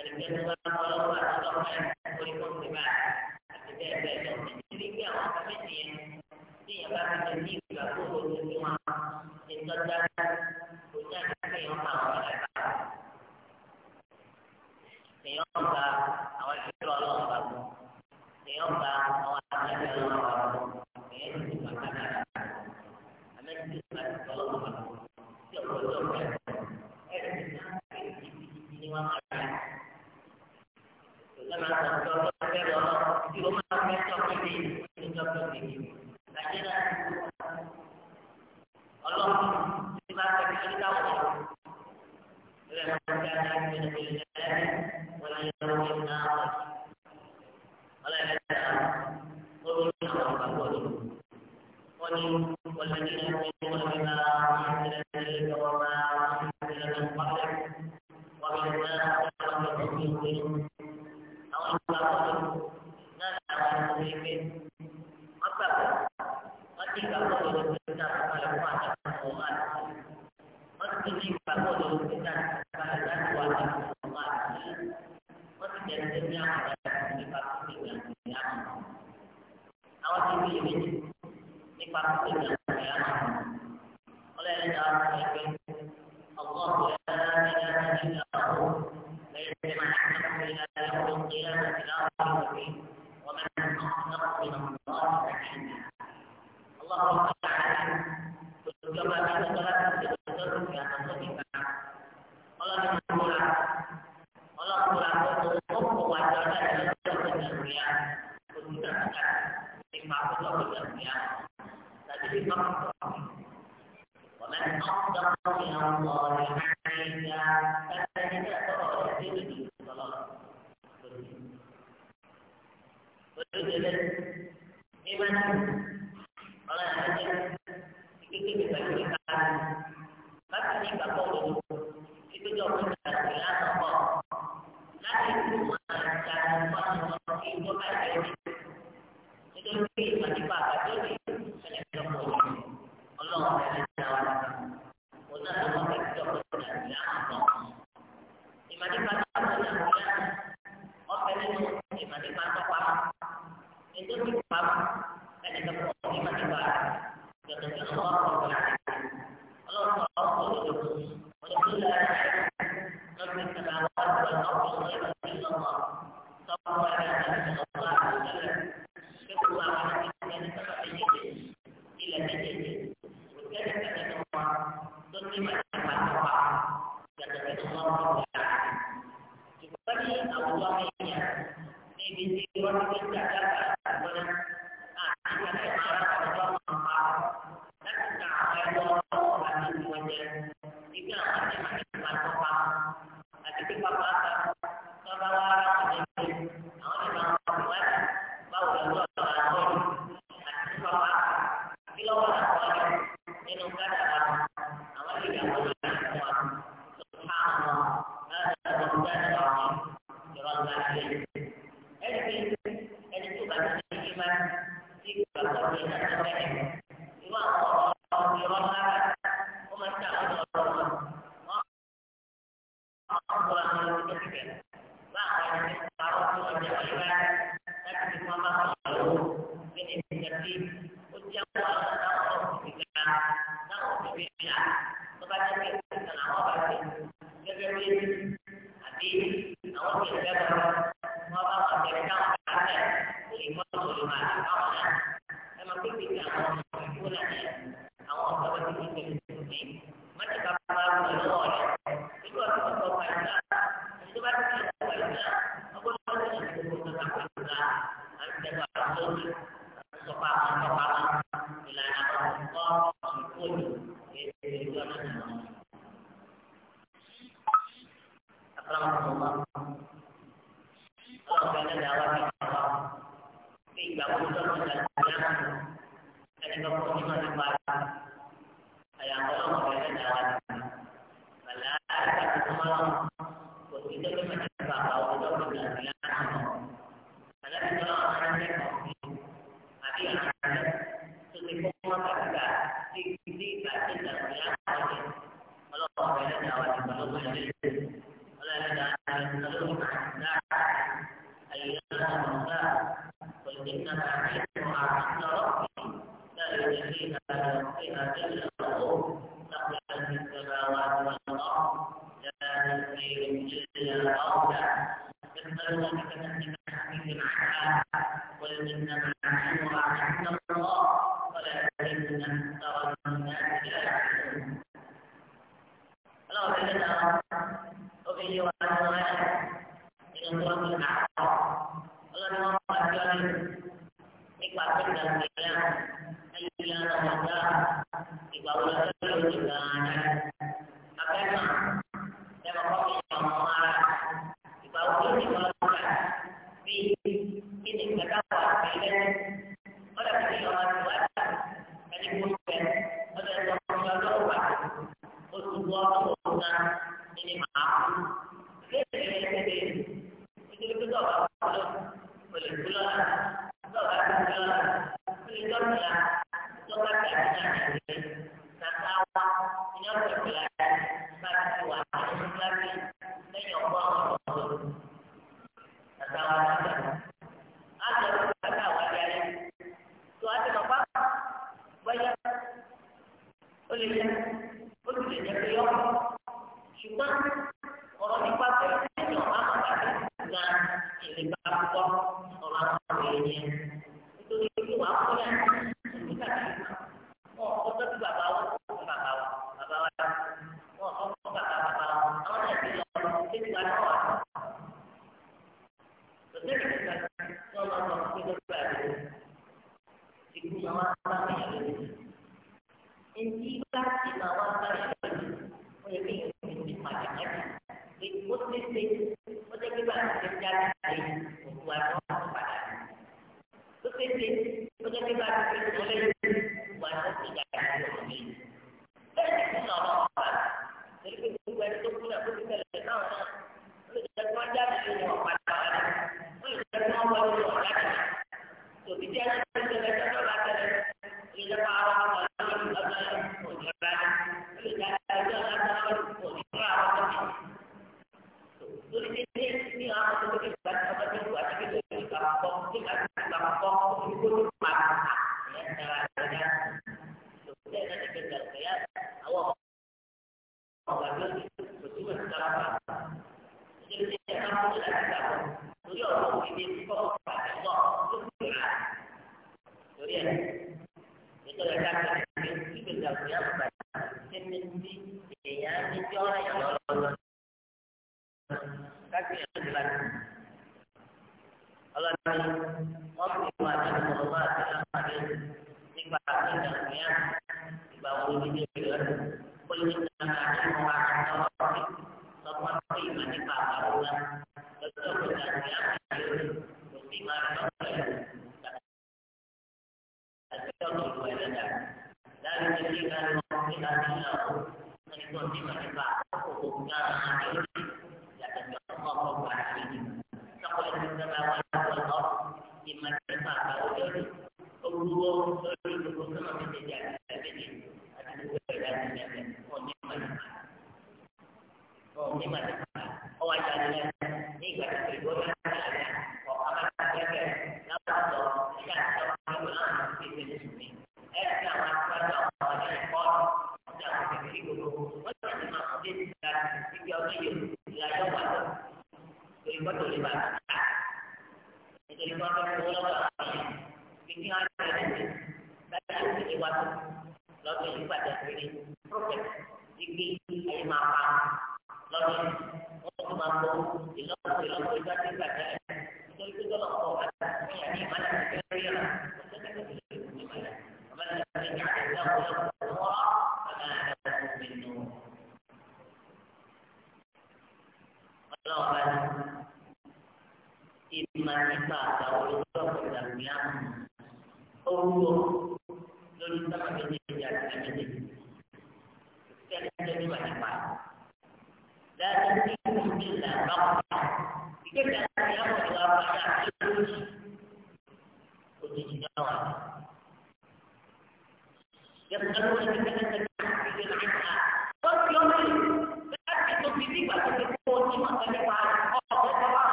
الكذب والغلو على الرحمن والكذب بعد الكتاب بين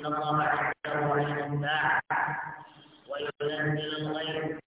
إن الله عنده علم الساعة وينزل الغيث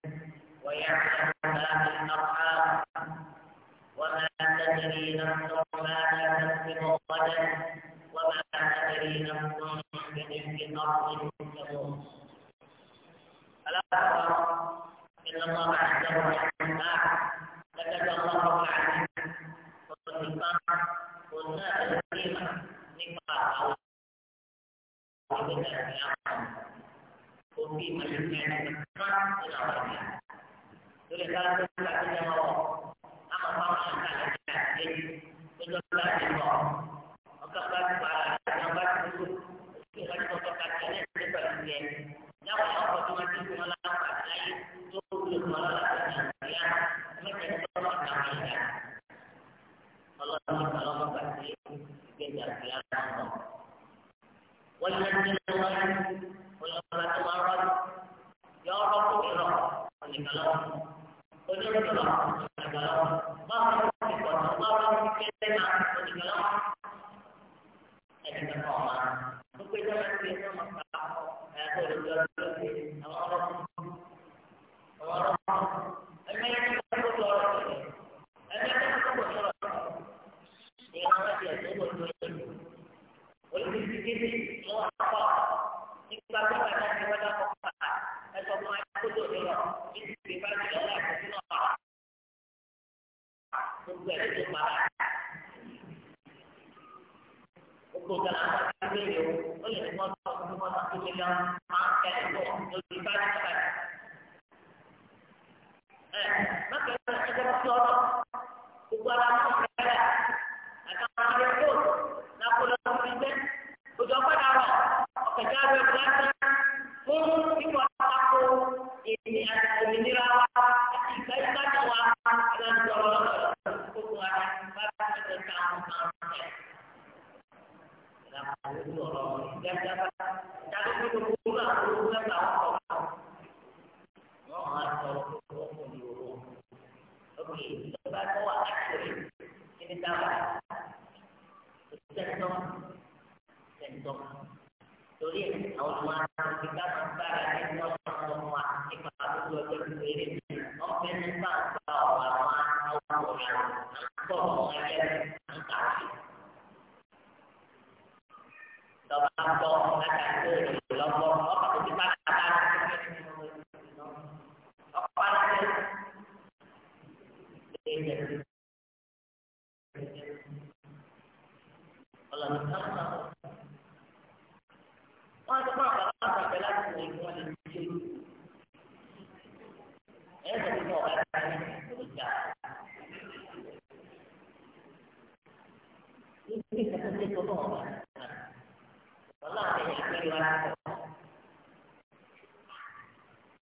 nínú ọ̀rọ̀ ọ̀la àti ẹ̀yìn pé wọ́n á sọ.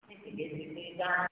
Ní ti gbèsè dáná.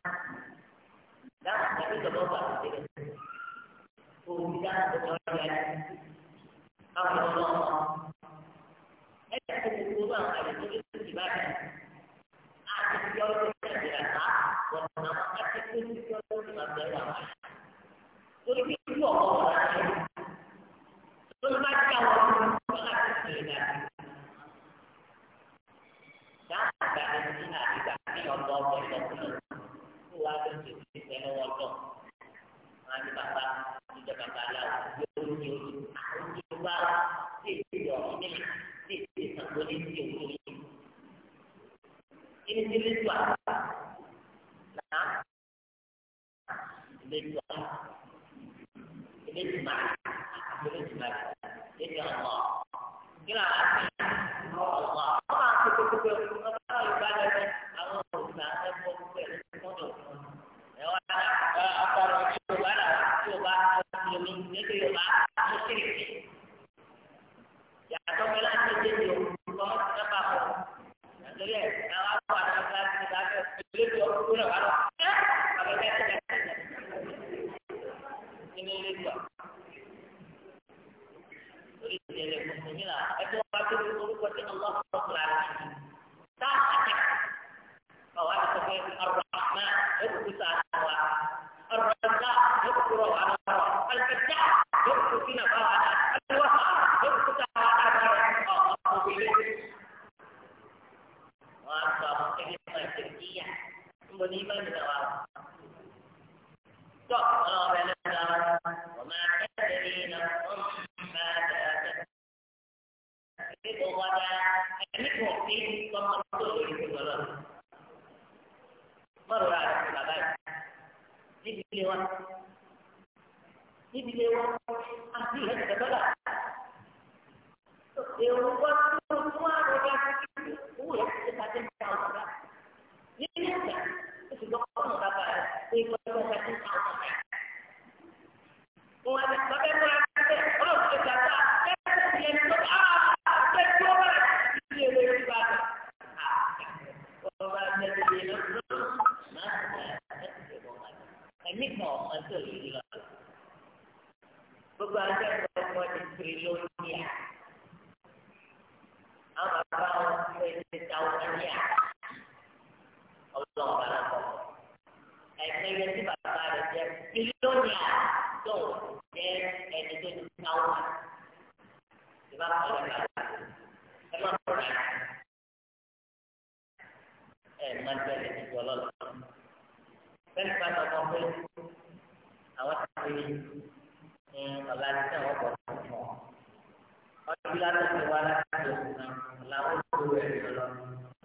Kalau kita ada sebuah anak, kita harus melakukan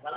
sebuah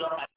lọ kà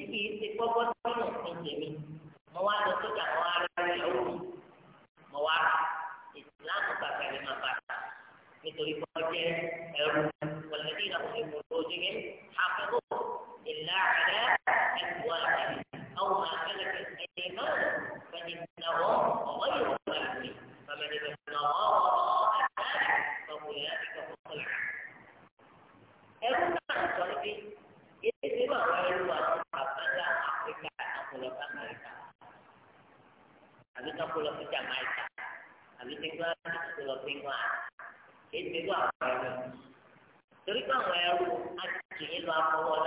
tí kì í ṣe gbọ́gbọ́ nínú òfin mo wá lọ sókè àwọn ará rẹ̀ lọ́wọ́ mo wá ìsìláàmù bàbá rẹ̀ máa bàtà nítorí kọ́ jẹ́ ẹrú wọ̀lẹ́dí ìlànà ìmọ̀lódé àpẹ̀wò ìlà àrẹ́ ti wà ètò ìlú àwọn ẹrú torí pé àwọn ẹrú àti ìlú àfọwọ́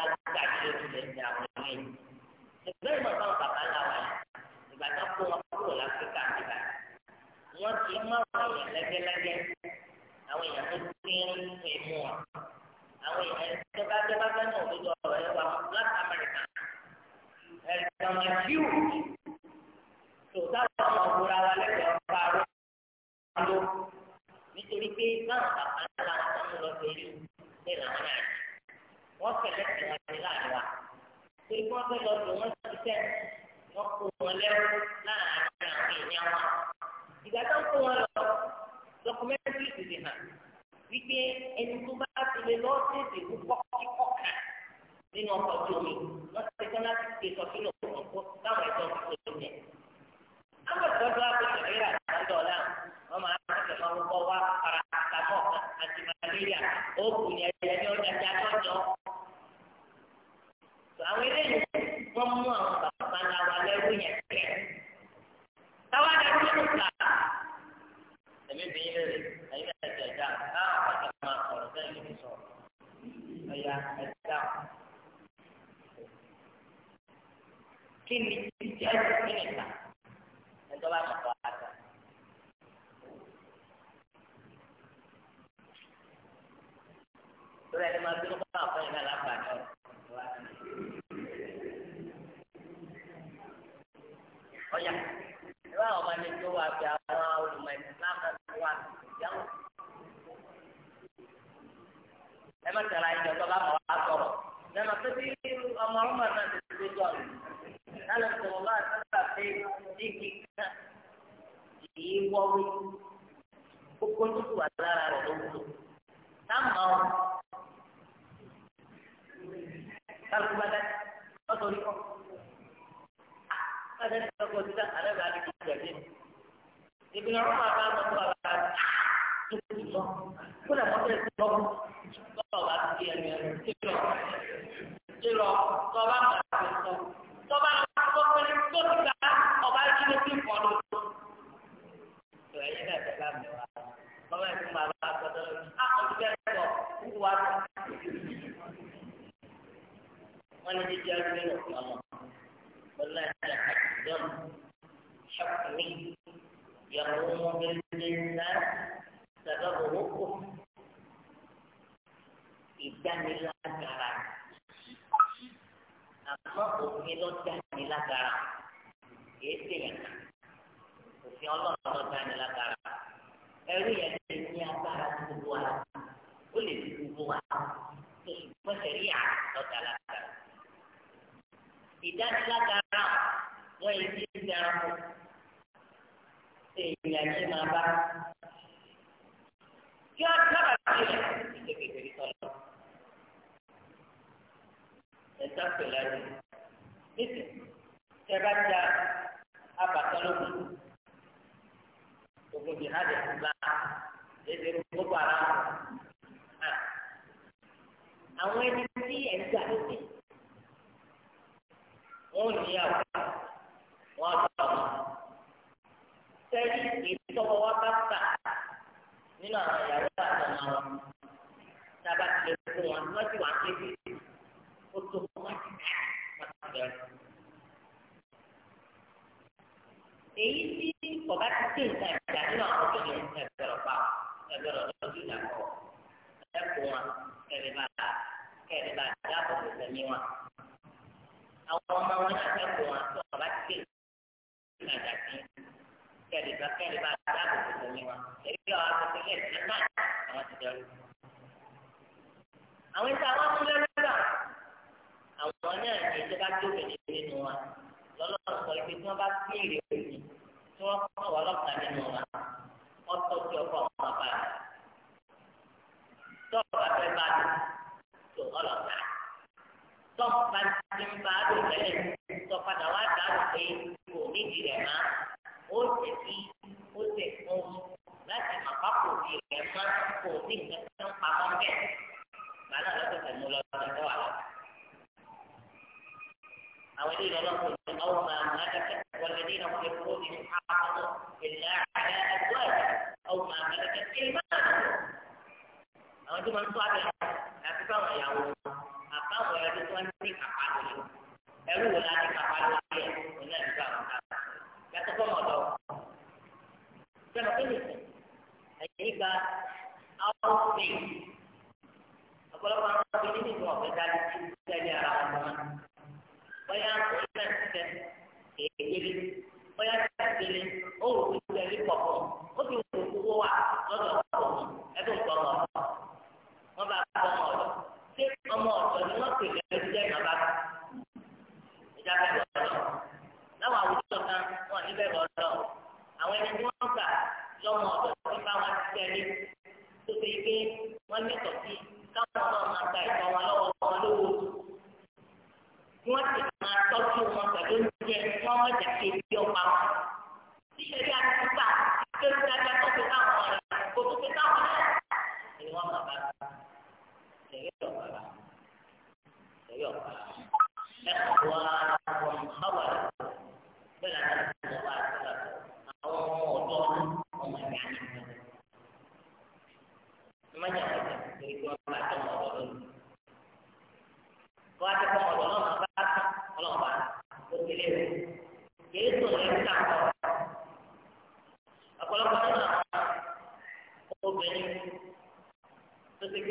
fẹ́ lọ sọ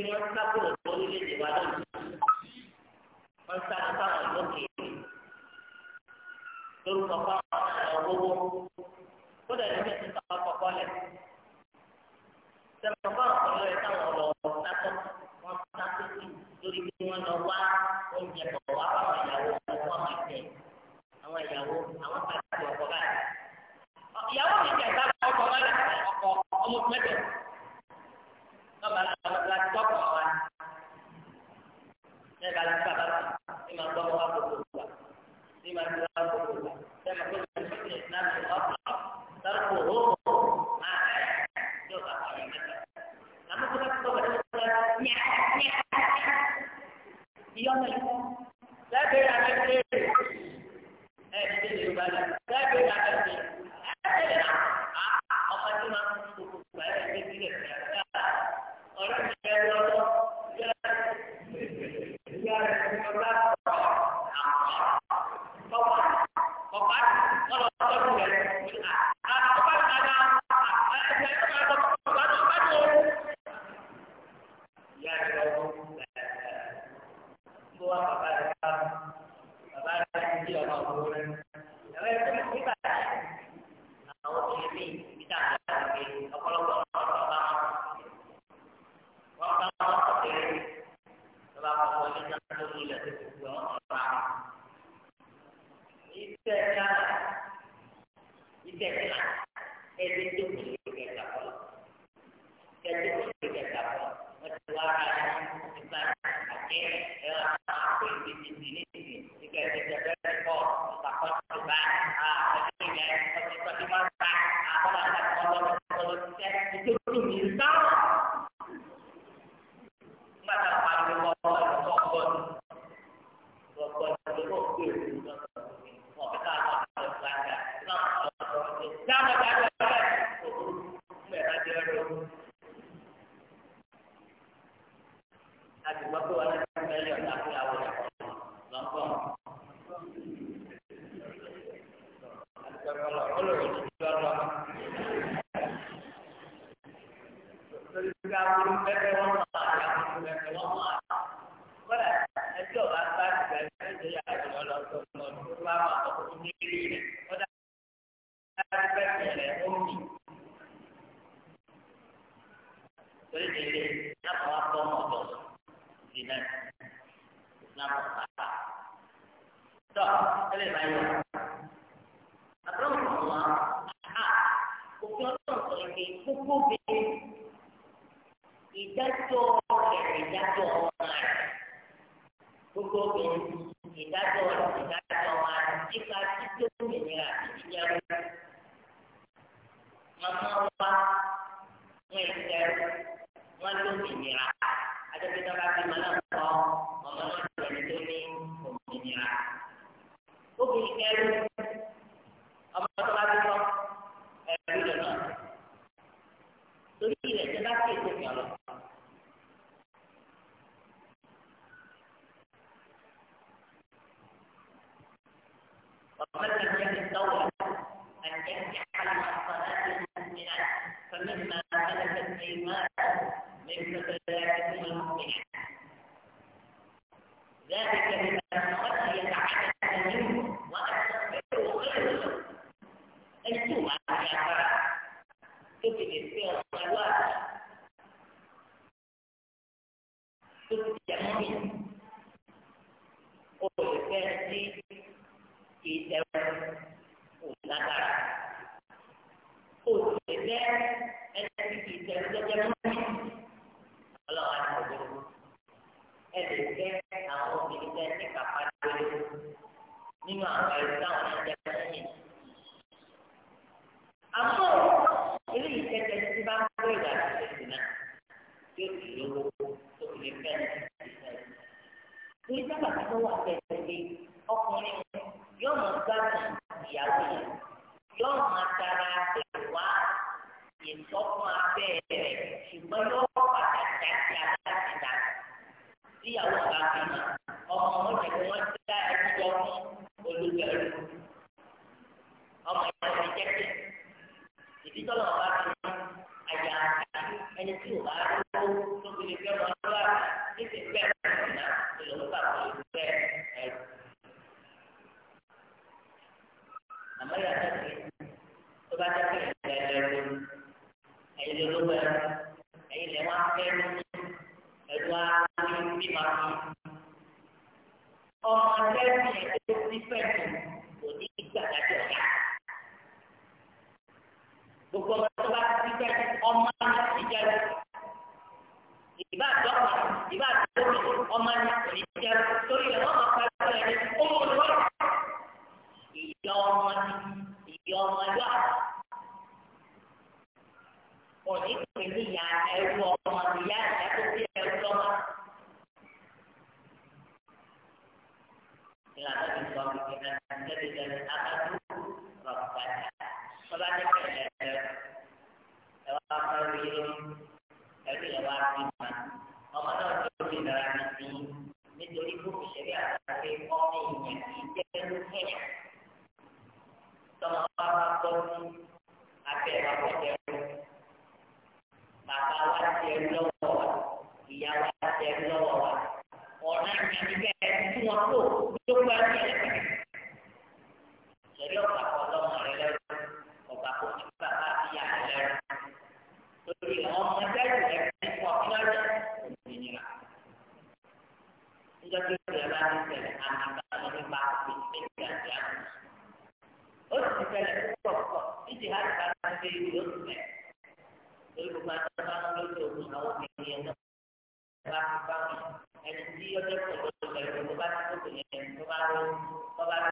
wọ́n sá kúrò فإذا أخذوا ربك فلا تكلم أواخرهم أبي أواخرهم وقد أردت برامتي نتركه بشريعة في قومه يجب ثم قرأتم أبي أواخرهم bàbá wa ti ẹ lọ́wọ́ wa ìyá wa ti ẹ lọ́wọ́ wa ọ̀nà ìgbàgbẹ́ tí wọ́n tó ló gba ní ẹ̀ka ọ̀pá kọ́ lọ́mọ rẹ lẹ́rù ọ̀pá kọ́ ní bàbá ìyá rẹ lẹ́rù lórí àwọn ọmọ ẹgbẹ́ rẹ fún ọ̀pá rẹ òmìnira. níjọ́ tí ìṣẹ̀lẹ̀ bá ti ṣẹlẹ̀ àmì àbáwọn nípa ìpínlẹ̀ àti àmì. ó sì ti ṣẹlẹ̀ púpọ̀ púpọ̀ níjì láti bá ti ṣe yẹn náà bá ti bá bá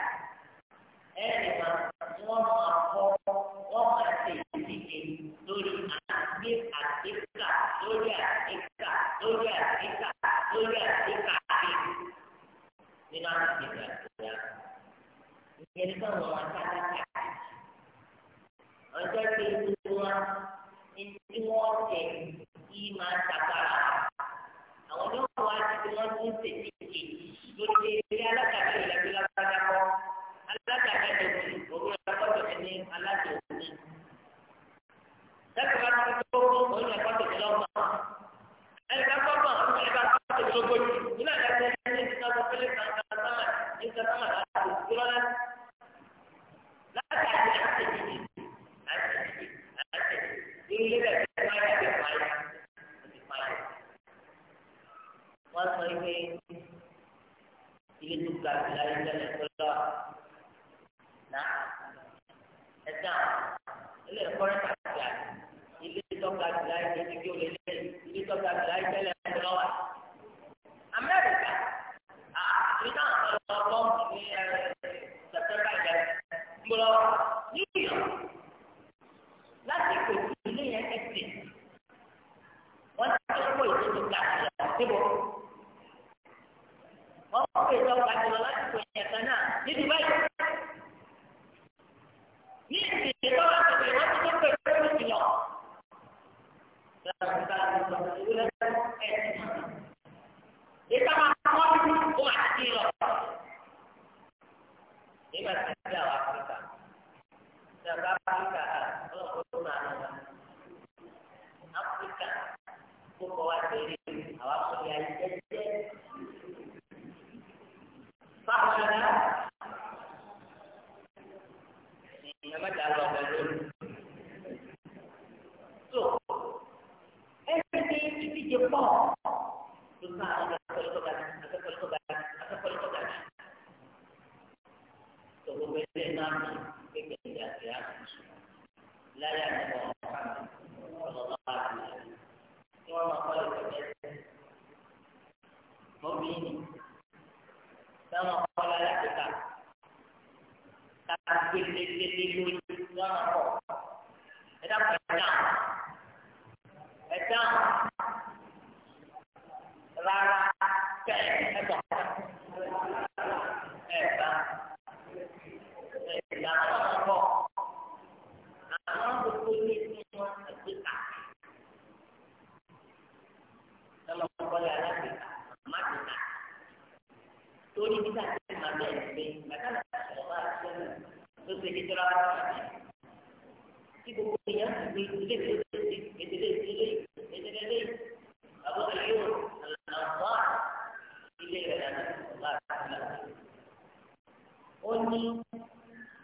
lórí àdéhà àti nínú àti ìgbàgbọ́ ìyẹn ní káwọn wọn kájá kájá ọjọ́ tí ìlú wa tí wọ́n tẹ̀ kí máa tàkàrà àwọn yóò wá tí wọ́n tún tètè lórí ilé alágbàdo ìlàgbé lágbàdá kọ́ alágbàdo ìlú òru ìlàgbàdo ẹni alágbàdo ìlú. lẹ́kọ̀ọ́ bá ti tó oyún ẹ̀kọ́ tètè ẹ̀ka gbọ́gbọ̀n ọ̀gbọ̀n ẹ̀ka ológójì nílẹ̀ ẹ̀rọ ẹni tí wọ́n fẹ́lẹ́ kankan sámà ní sámà láti kúrọ́ láti láti àti àti ìdíje àti ìdíje àti ìdíje ilé rẹ̀ fẹ́ máa yà bẹ̀ fàyà àti fàyà. Wọ́n sọ pé ilé tó ga sí láyé tẹ́lẹ̀ tó lọ nà ẹ̀dá ilé ẹ̀kọ́ rẹ̀ kàkà ilé tó ga sí láyé tẹ́lẹ̀ tó lọ ilé tó ga sí láyé tẹ́lẹ̀ tó lọ wà. Abang ni katakan mula ni nanti tu ini yang ekstrim. Orang tu pun itu bukan sebab. Orang tu tahu kan kalau lagi sana, ni tu kita kita kita kita kita kita kita kita kita nígbà tí a jẹ́ àwọn áfíríkà tí a bá áfíríkà ọlọ́pàá tó máa nà wá áfíríkà tó kọ́ wá tẹ̀lé àwọn akọ̀lẹ́ ayé jẹ́jẹ́ báwọn ará ìyẹn mẹ́ta lọ pẹ̀lú tó ẹgbẹ́ ní ìdíje pọ̀ tó sáà lọ. gbogbo ẹgbẹ́ náà kékeré ìjà sí àtúnṣe láyé àtúnṣe ọ̀hún ọ̀hún ọ̀hún ọ̀hún tí wọ́n máa kọ́ lè tẹ̀lé mọ́bí ni táwọn ọkọ̀ láyé kíkà ká gbégbégbé lórí wọ́n máa kọ́ ẹ̀dá pẹ̀lú náà ẹ̀dá rárá bẹ́ẹ̀ ẹ̀dọ̀. níbi tá a ti máa bẹ̀rẹ̀ pé bàtà náà sọ̀rọ̀ bá a ti sọ̀rọ̀ ló pe ní tọ́lá wà láti. Tí gbogbo èèyàn ti gbé ilé ìwé ìdílé ìdílé ìdílé ìdílé àbọ̀dé yóò àlàfà ilé rẹ̀ láti sọ̀rọ̀ bá a ti sọ̀rọ̀. Ó ní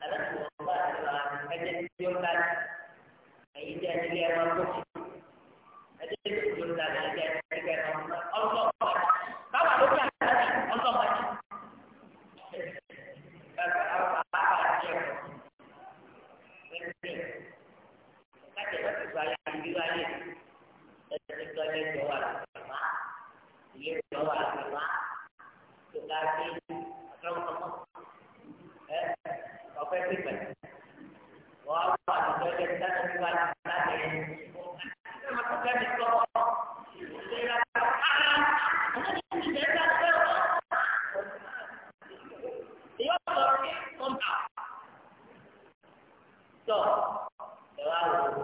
àlàfà bá a ti sọ̀rọ̀ ẹgbẹ́ tí ó ká ẹ̀yìn tí a ti tó ti ẹgbẹ́ tí ó bí wáyé ẹsẹ tọ́lẹ́tì wà lọ́wọ́ ilé ìjọba lọ́wọ́ tó ká sí ọ̀tọ́mọ́tọ́mọ́ ẹ ọ̀fẹ́ pípẹ́ wọ́n á wà ní tọ́lẹ́tì dáná bí wáyé láti ẹ̀ ẹ̀ máa tọ́kẹ́ mi sọ ìlera ara ọ̀tọ́mọ́tọ́mọ́ ìlera ẹ̀ka ẹ̀ka ìyá ọ̀tọ̀ kọ́ńtà tó ẹ̀ wá wò ó.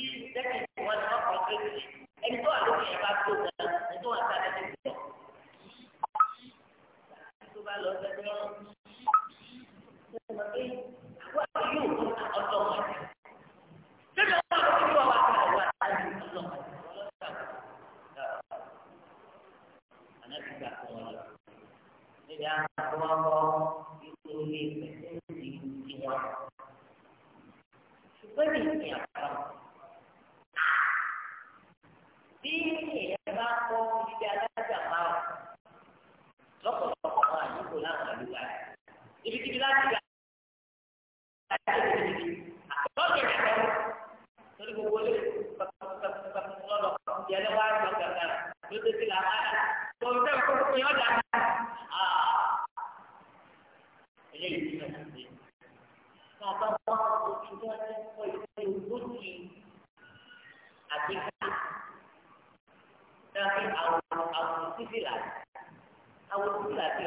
yóò mú ọjọ́ wọn. Débi àwọn ọ̀rọ̀ tí àwọn àti ọjọ́ wọn. Ànábi gbà kọ́ wọn lọ. àwọn wọn kọ́ fún yọ dá ah. eléyìí ti náà ti ṣe náà bá wà ojú wọn ní kọ ìwé olóòtú àti ká dábí àwọn àwọn sífìlà àwọn sífìlà ti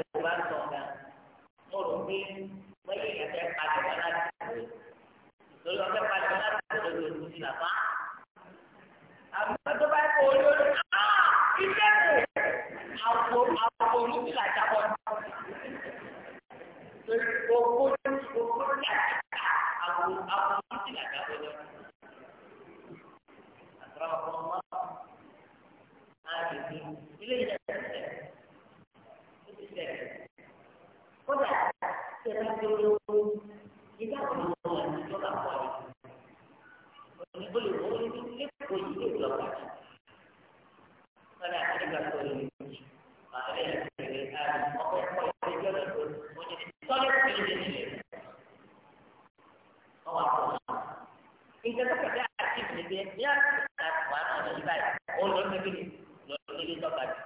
nǹkan tó kẹ̀kẹ́ àti ìdílé ní àtúntà wà á lọ yíba yìí ó lọ níbi ní lọ níbi tọ́ka jù.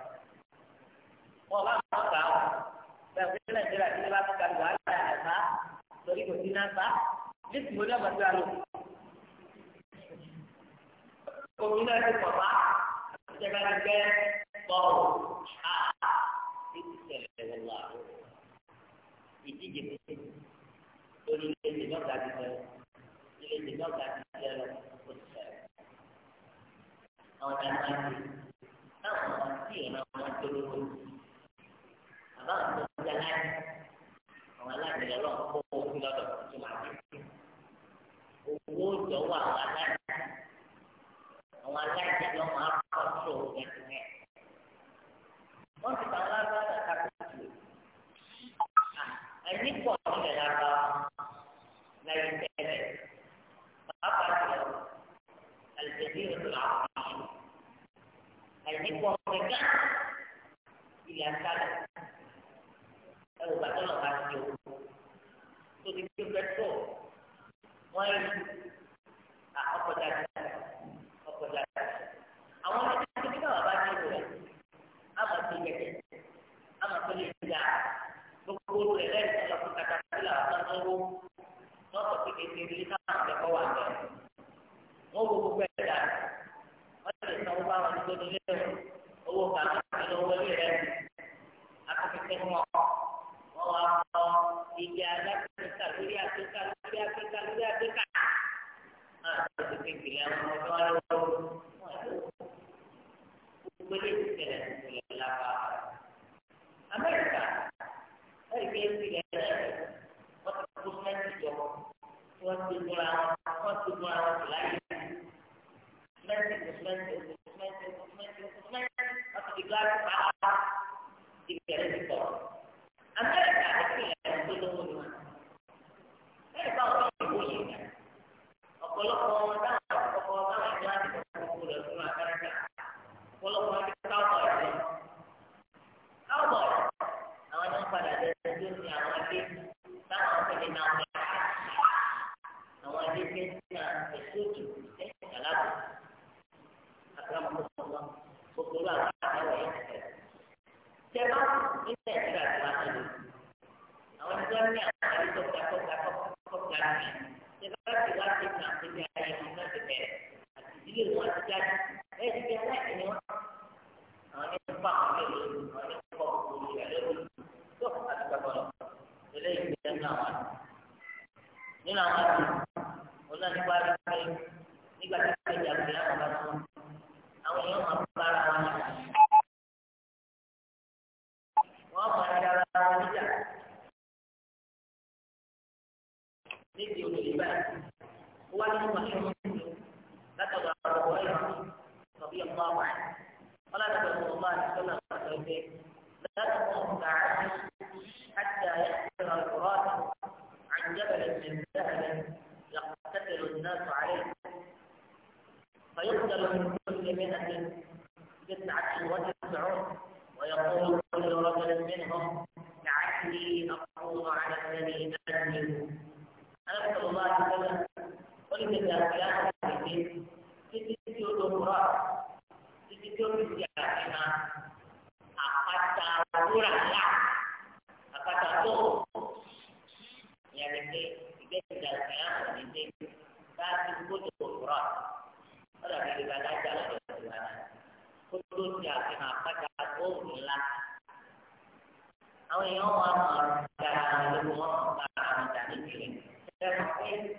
wọn bá wọn kà ó bẹ́ẹ̀ fún nàìjíríà tí wọn bá tọ́ka jù wàhálà àgbà lórí kò sí náà bá nítorí mo ní ọgbà tó yà lọ. omi náà ti pọ̀ bá ti gbẹ bọ́ọ̀lù a ti ti lọ kò sí sẹ́yìn. Àwọn tá a máa ń lò táwọn ọmọ tí ìran wọn tó lówó. Àbá àwọn tó ń jẹ aláìní. Àwọn aláìní lọ́lọ́ kó owó sí lọ́dọ̀ tó máa ń jẹ. ẹ̀kọ́ ọ̀gá ilẹ̀ àtàlà ẹ̀rù bàtọ́ náà bá ti o tó ti gbé pẹ́tọ́ wọ́n ẹ̀ lù à ọkọ̀ dàdí ọkọ̀ dàdí àwọn ọmọdé tó ti náà bá ti o rẹ̀ àmọ̀ tó yẹ kẹ́ àmọ̀ tó lè yà gbogbo rẹ̀ lẹ́yìn tó lọ fún katakílà ọ̀sán tó wó lọ́sọ̀ kékeré káwọn akẹ́kọ̀ọ́ wà bẹ́ẹ̀ wọ́n wo gbogbo báwọn ti tóbi lé owó kàkàkì ló wọlé rẹ akókèké mọ wọn wá mọ ìdí adákùnkà lórí àtúnkà lórí àtúnkà lórí àtúnkà náà tó ti kékeré àwọn ọmọ ọdún wa lọ́wọ́ wọn lò ó gbogbo ilé ìṣẹ̀lẹ̀ ìṣẹ̀lẹ̀ lápá Amẹ́ríkà ẹ̀ríkẹ́ ìṣẹ̀lẹ̀ wọ́n ti kó mẹ́tì jọ wọ́n ti múra wọn ti múra wọn láyé mẹ́tì mẹ́tì láti pàápàá ìbẹ̀rẹ̀ ti pọ̀. Amẹ́ríkà ti fi ìlànà tó lówó ni wọn. Bẹ́ẹ̀ bá wọn yóò wó yẹn gan. Ọ̀pọ̀lọpọ̀ táwọn ọ̀pọ̀lọpọ̀ táwọn ìjọ àti ìgbàgbọ́ rẹ̀ fún Amẹ́ríkà. Ọ̀pọ̀lọpọ̀ ti káwọ̀ ọ̀rẹ́ Káwọ̀ àwọn ni padà láti ṣe bá ti wá sí kan àti bí ayé wọn náà ti bẹ̀rẹ̀ àti ìdílé wọn ti jáde bẹ́ẹ̀ ti jẹ́ láti ní wọn. àwọn ní wọn bá wọn lè lò wọn ní kọ́ òkú rẹ̀ lórí tó àti gbàgbọ́ lọ. eléyìí ti jẹ́ àwọn àti nínú àwọn àti wọn náà ní wọ́n á rí البخاري صحيح مسلم ابو هريره رضي الله عنه قال رسول الله صلى الله عليه وسلم لا تقوم الساعه حتى يكثر الفرات عن جبل من ذهب يقتتل الناس عليه فيقتل من كل مئة تسعة وتسعون ويقول كل رجل منهم لعلي أقوم على الذي أذنب أنا صلى الله عليه وسلم olùdíje àti àgbègbè títí tí ó lọ́wọ́ títí tí ó fi di àfihàn àpáta wúrà ńlá àpáta tó ìyàrá pé ìgbésẹ̀ àti àgbègbè bá ti gbódò wúrà ọ̀dà bíi ìgbà dájà lọ́dọ̀ ìgbà náà kó tó di àfihàn àpáta tó ńlá àwọn èèyàn wà máa ń dára lọ́wọ́ máa ń dára nílé.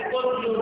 ẹ̀kọ́ ti o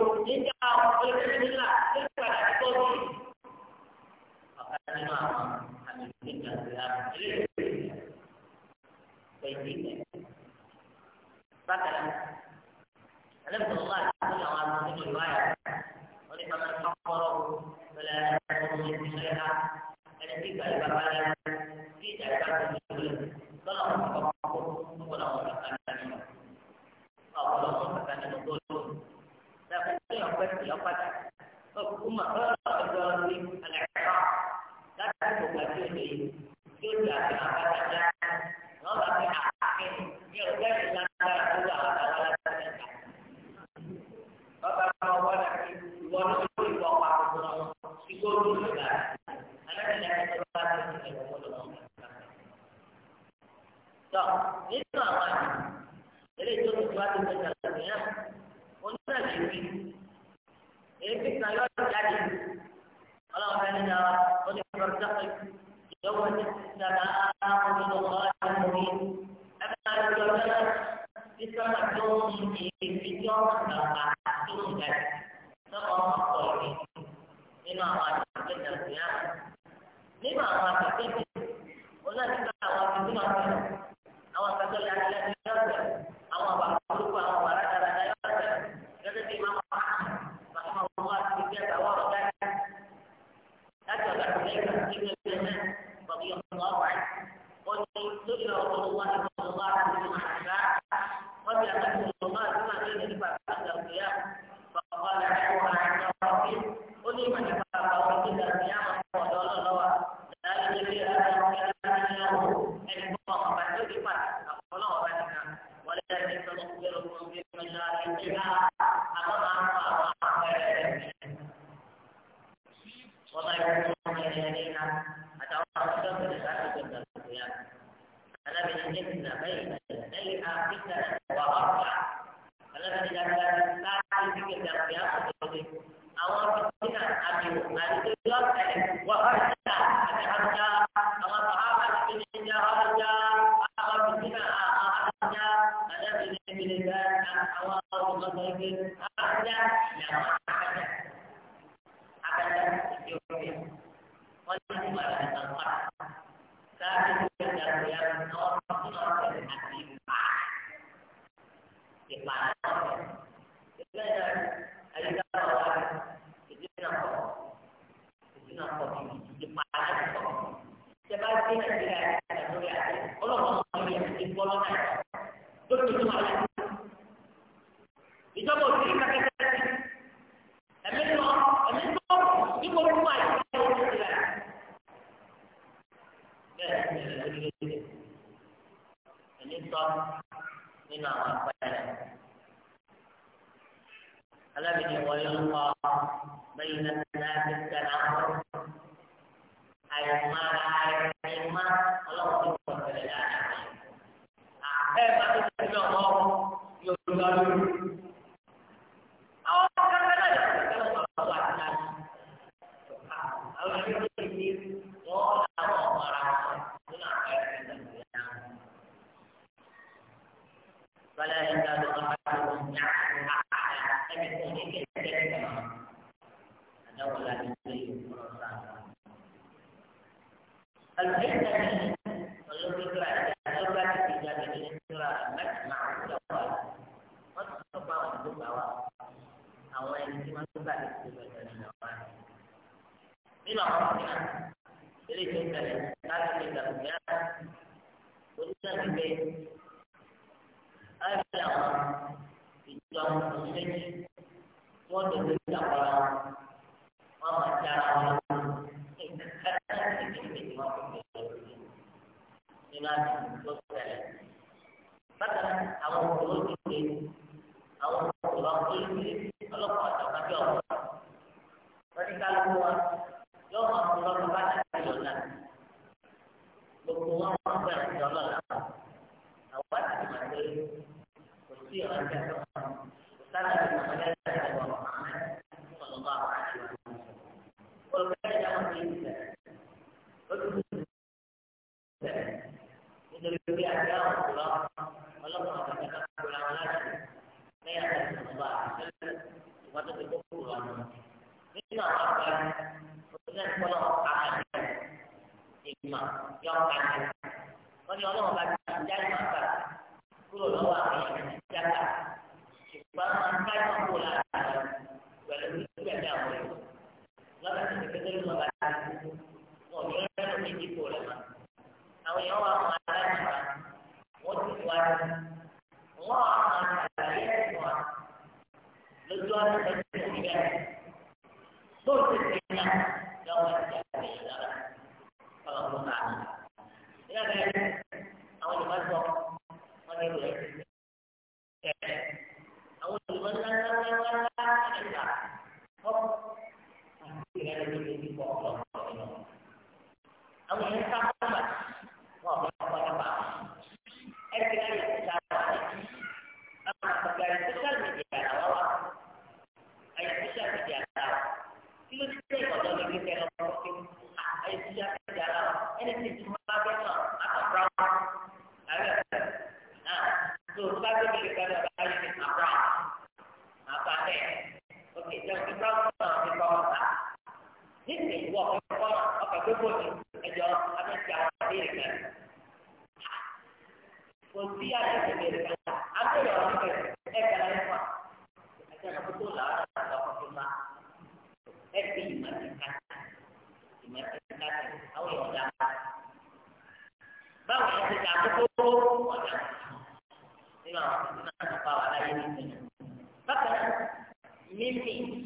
pakai ekala apa? Ekala betul lah, ada apa cuma epi matikan, matikan, tahu yang dapat. Bang, yang tidak betul, ada. Ini lah, kita apa ada ini. Bahkan mimpi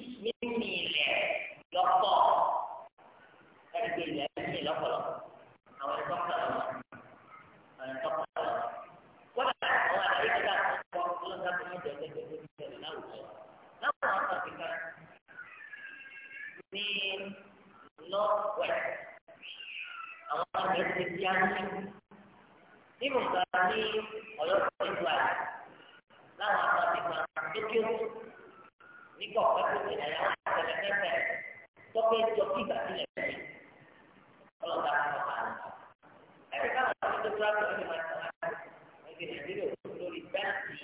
àwọn yẹn ti di ánú nínú nǹkan ní ọ̀yọ́ ìlú àyè láwọn àgbàdìgbà lókè ó nígbà ọ̀pẹ́ tó ti ẹ̀yà wọn àtẹ̀lẹ̀ fẹ́fẹ́ tọ́pẹ́ jọ kí ìgbà sílẹ̀ sí ọlọ́dà fún ọ̀pá rẹ̀. ẹ̀rí káwọn ọ̀pẹ́ tó tó àtọ̀ ẹ̀dẹ̀ máa tọ̀ ẹ̀dẹ̀ nàìjíríà òkú lórí bẹ́ẹ̀sì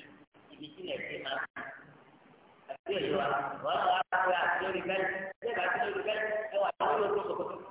ibi sílẹ̀ sí máa àti èyí wa wọ́n lọ wá àti lórí bẹ́ẹ̀sì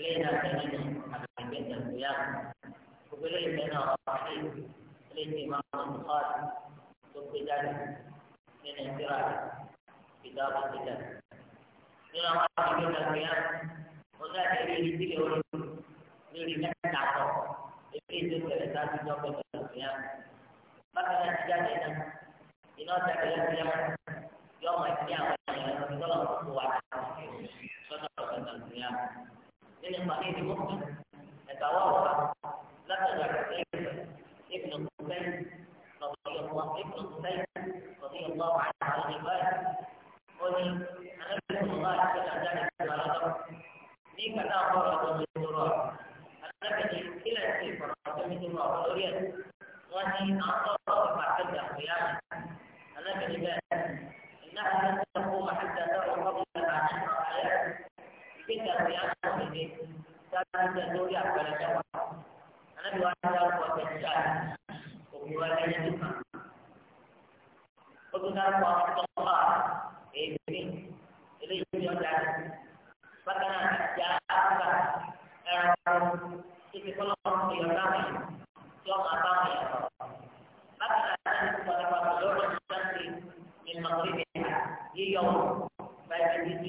إلينا سبيل على جنة القيامة وبليل لنا رحيم الإمام البخاري والقتال من في كتاب القتال من أوراق جنة القيامة وذاك إليه سيئون لرجال تعطوه إليه سيئون لذات جنة القيامة مثلا تجاهلنا إناث القيامة يوم القيامة يوم القيامة صلى الله عليه وسلم من حديث مسلم يتوارث لقد حسين ابن حسين رضي الله ابن حسين رضي الله عنه على الغفار قل أنا رسول الله صلى الله عليه وسلم ni kata orang orang surah. Anak ini kila si orang orang itu orang orang wajib apa berbakat dan biar. Anak ini kan, nak nak tahu mahal dan orang orang berbakat dan biar. Kita biar Jangan lórí àpẹẹrẹ mẹ́wàá anábìwá ti dárúkọ tẹ̀síà òkúra lẹ́yìn nípa ó tún dárúkọ àwọn tọ́lá èébì eléyìí tí wọ́n dáa bákan náà àjà àgbà ẹranko títí kọ́lọ́ ọ̀hún ìyọ̀ táwọn tí wọ́n máa bá wọn yàtọ̀ bákan náà àjà ní pàtàkì lọ́rọ̀ ìṣáǹtì ní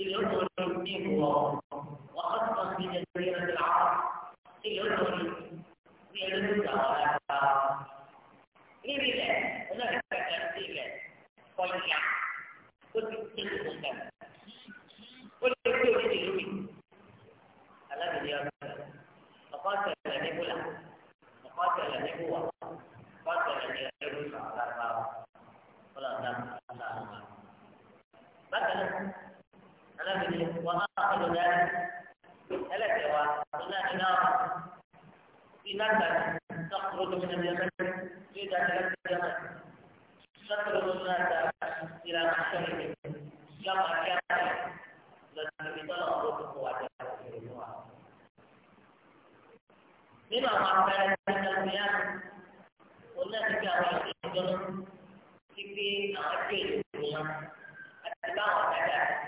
الأردن يمكنه الله وخصص في جزيرة العرب الأردن بأنفسها ولها لبلاد هناك ترتيبات قليلة وتكتب الدم والدكتور الجنوبي الذي يرسل فقاتل نبولا فقاتل نبوة قاتل نبوة على الأربعة ولا دم على الأربعة مثلا نبني وآخر ذلك ثلاثة وهنا نار في نار تخرج من اليمن إلى ثلاثة اليمن تخرج الناس إلى محشرهم يقع كافر لأن بطلب ربه وعجبه لما قال من القيام قلنا لك أولئك في أكيد التباع والعدالة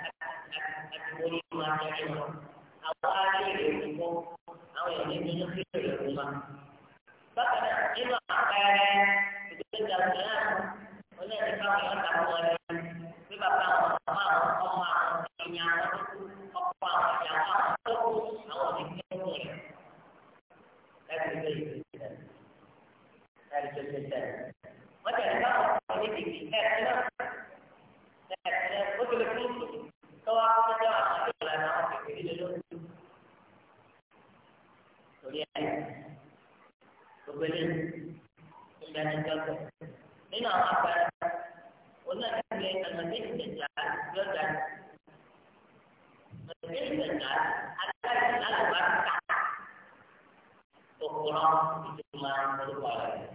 还可以嘛，还行。然后他也有成功，然后有年轻就事业有成嘛。那你看，一个哎，就是讲别人，我呢就讲其他讲别人，嘴巴讲好，好，好嘛，好听呀，好话讲好，然后我今天就，来做一个例子，来做一个事儿。我讲到我的弟弟，哎，哎，我觉得今天。tọ́wọ́ akọ́jọ́ àwọn àjọ ìlànà àwọn kékeré lé lórí. torí ẹ gbogbo ilé ìdánilẹ́kọ̀ọ́ nínú àwọn apẹ̀rẹ̀ onídàájọ́ ìlànà ìdíjẹ̀jà yọjà ìdíjẹ̀jà adájọ́ alùpàtà òkúrọ̀ ìdúmọ̀ olùkọ́ rẹ̀.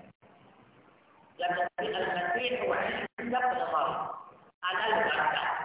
لكن المسيح وعيسى في الأمر على البركة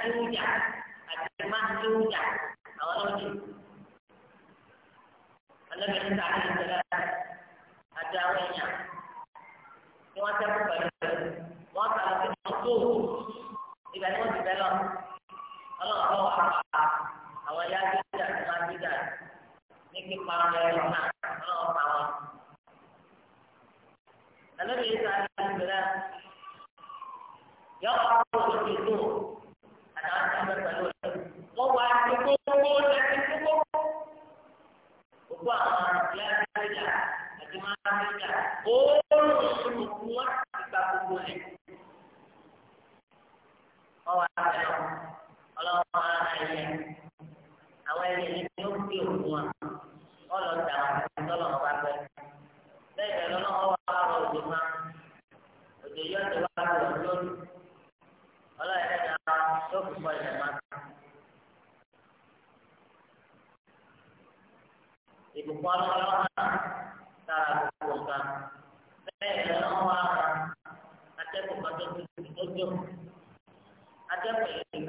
mahjujah, ada mahjujah. Kalau ini, Allah bisa ada ada wenya. Ini wajah kembali. Wajah Kalau kalau apa? Kalau ya tidak, tidak Ini Kalau apa, kalau bisa Ya Allah, begitu. gbogbo ọ̀dàdì gbogbo gbogbo àwọn àti àgbẹ̀jà àti màgbẹ̀jà oòrùn olùkú wọn ti gba gbogbo rẹ̀. ọwọ́ àbẹ̀rẹ̀ ọlọ́wọ́ ayẹyẹ àwọn ẹyẹ ni yóò fi òkú wọn ọlọ́dà tọ́lọ̀ ọba pẹ́. bẹ́ẹ̀ bẹ́ẹ̀ lọ́nà ọwọ́ àrò òjò máa òjò ìbùkún aláwọ̀ náà sára gbogbo nǹkan bẹ́ẹ̀ ni wọ́n wá ra atẹ́kọ̀ọ́ kan tó tóbi tó jọ atẹ́kọ̀ọ́ yìí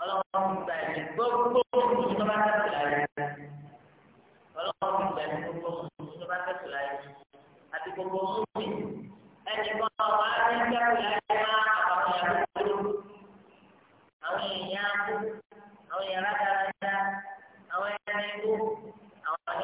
ọlọ́wọ́ ń gba ẹ̀mí gbogbo oṣù tó bá tẹ̀sí láyé ọlọ́wọ́ ń gba ẹ̀mí gbogbo oṣù tó bá tẹ̀sí láyé àti gbogbo oṣù ẹnì kan ọ̀gá ẹni tẹ̀sí láyé máa àbàwọ̀ yàrá gbogbo àwọn èèyàn àwọn èèyàn rádà.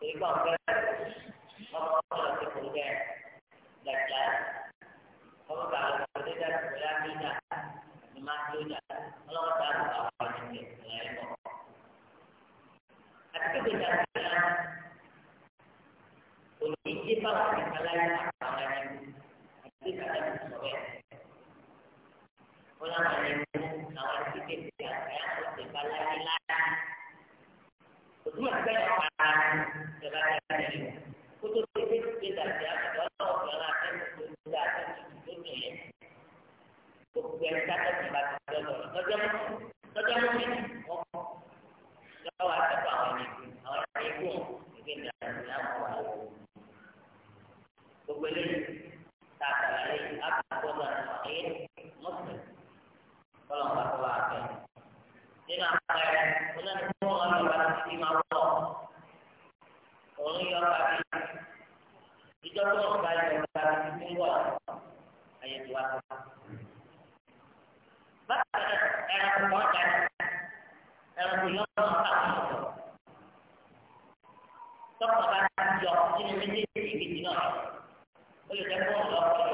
thì còn cái nó có là cái phụ đề đặt ra không có cả là cái đề đặt ra như là nhưng mà như là nó có cả là cái phụ đề đặt ra là một cái cái đề đặt ra là một tahan kerana ini. Kutu ini tidak ada kalau kerana tidak ada di dunia. Kemudian kata sebab kalau kerja kerja mungkin kalau ada orang ini orang itu mungkin dalam Kemudian tak lagi apa kota lain muslim. Kalau tak kuat, ini ọ̀rọ̀ àti ìjọ tó ń bá yẹn lọ́wọ́ àti ní wọ̀ ayé tó wá lọ. Bákan náà, ẹranko kan jà ẹranko yóò lọ sí àwọn ọ̀dọ́. Tọ́kọ̀ bá ti jọ nínú méjèèjì ìgbèjì náà. Ó lè jẹ́ fún ọ̀dọ́ ọ̀dọ́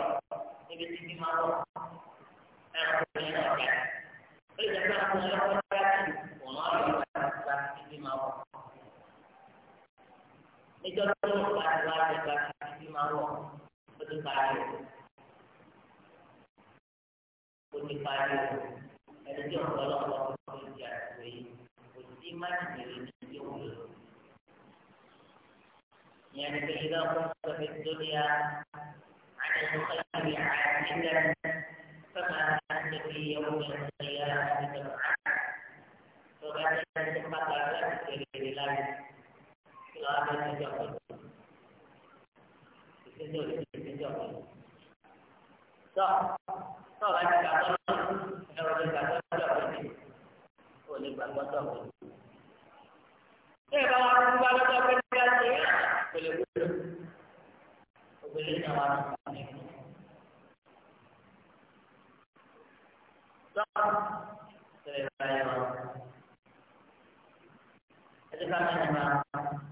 níbi tí bí máa wọ̀ ẹranko yóò lọ jà. Ó lè jẹ́ fún ọ̀dọ́ ọ̀dọ́ itu adalah ń bá ti wá nípa títí máa wọ̀ ó ti parí o. ó ti parí o. ẹni tí òun lọ́wọ́ lọ́wọ́ ló ti àtúwé yìí kò sí májèlé ní ìdí òun lò. ìyẹn ní lọ abẹ níjọ pé ìṣẹjọ ìṣẹjọ níjọ pé tọ tọ bá ti gbàgbọ́ ẹ̀rọ ti gbàgbọ́ níjọ pé kò ní gbàgbọ́ tọ pé. ṣé ìbá wa fún bá lọ́jọ́ pé kí á ṣe é kò lè wúlò obìnrin náà wà ní ìlú. tọ ṣẹlẹ̀ báyìí lọ. Terima kasih.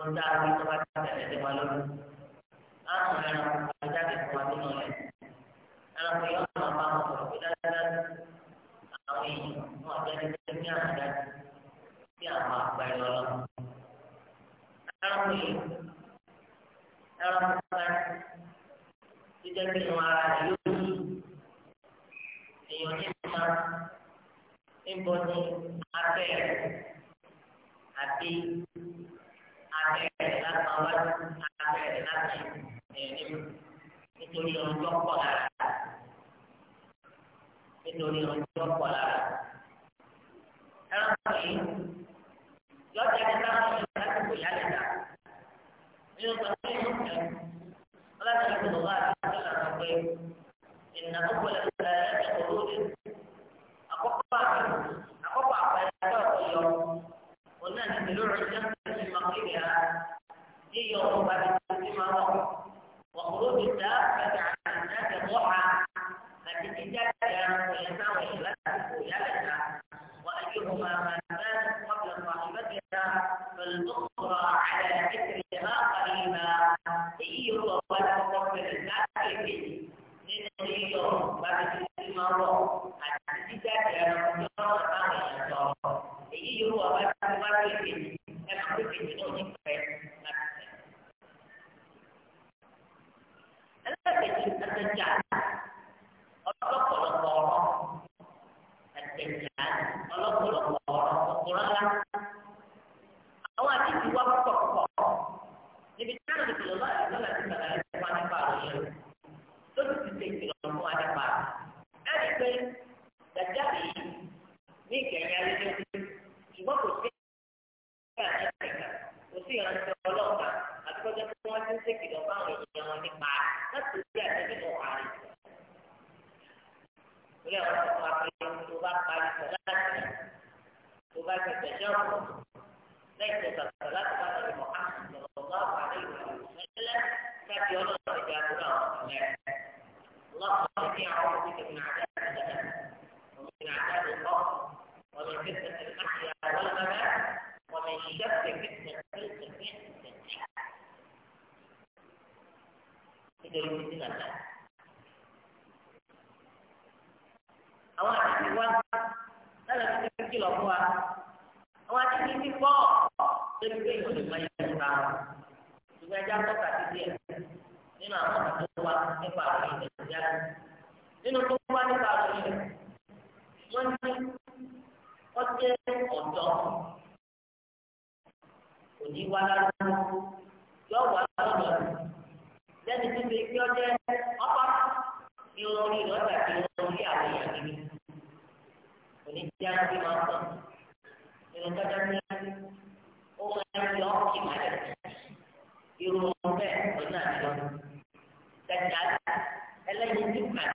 ohun tá a fi tọ́ba tí a tẹ̀lé wa lórí. láwọn ẹranko kan jáde mau wa nínú rẹ̀. ẹranko yóò máa bá wọn sọ̀rọ̀ pé dáadáa àwọn èèyàn wọn àtẹ́lẹ́ tẹ́lẹ́ ní nítorí ọjọ́ pọ̀ lára nítorí ọjọ́ pọ̀ lára. ẹranko yìí yọjọ́ ẹni táwọn yìí láti kò yálẹ̀ dá nínú sọ pé ẹ ọlọ́dún yìí kò wá àti ọ̀sán sọ pé ìnáwó pẹ̀lú ẹ̀ẹ́dẹ̀ kò lóde àkọ́kọ́ àpẹẹrẹ àkọ́kọ́ àpẹẹrẹ ẹ̀ẹ́dẹ̀ ọ̀pọ̀ yọ وغيرها هي وقوة الثمرة وخروج الدابة عن الناس الضحى التي تدعى ويسعى إلى لها وأيهما ما كانت قبل صاحبتها فالأخرى على إثرها قريبا هي وقوة الثمرة Nínú bàbá tí ti máa wọ̀ àti títí àti ẹran ọjọ́ àwọn èèyàn sọ̀rọ̀. Èyí yóò wà bá tí wọ́n bá rí èdè. contributed or di dua ada yang sí ìrántí ọlọ́pàá àti kọjá tí wọ́n ti ń ṣe kìlọ̀ fáwọn èèyàn wọn nípa láti rí àtẹ́bí mọ̀ wá rí. Orí àwọn ọmọ akẹ́kọ̀ọ́ tó bá parí sọ láti rẹ̀ tó bá ti tẹ̀sẹ̀ ọ̀pọ̀ lẹ́yìn tó bá sọ láti bá lọ́dọ̀ mọ̀ á sì lọ́wọ́ bá wà ní ìwà ìwòsànlẹ̀ láti ọlọ́pàá ìjà àbúrò àwọn ọ̀sẹ̀ اللهم إني أعوذ بك من عذاب جهنم ومن عذاب القبر ومن فتنة المحيا والممات ومن شر فتنة nítorí títí nàdá. àwọn àti wá lára ti fi kìlọ̀ fún wa àwọn àti fi fi bọ́ lórí pé ìwọ̀n lè máa yẹ ẹ̀ka ìwé ẹja tọ́ka sí díẹ̀ nínú àwọn àti wá nípa àwọn ìwé ẹja nínú tó wá nípa àwọn ìwé wọ́n ní wọ́n ọ̀dọ́ òní wá lálẹ́ yọ wá lọ́dọ̀ lẹ́ni tó fi kí ọjọ́ ọ̀pá irun orí rẹ̀ ọ̀dà kí irun orí àwọn èèyàn kìíní. Òní ti á ti máa sọ. Irun tọ́jà ní ó máa ń yọ ọ́kì màlẹ̀. Irun ọ̀bẹ òun náà lọ. Tẹ̀sán ẹlẹ́yin tí kà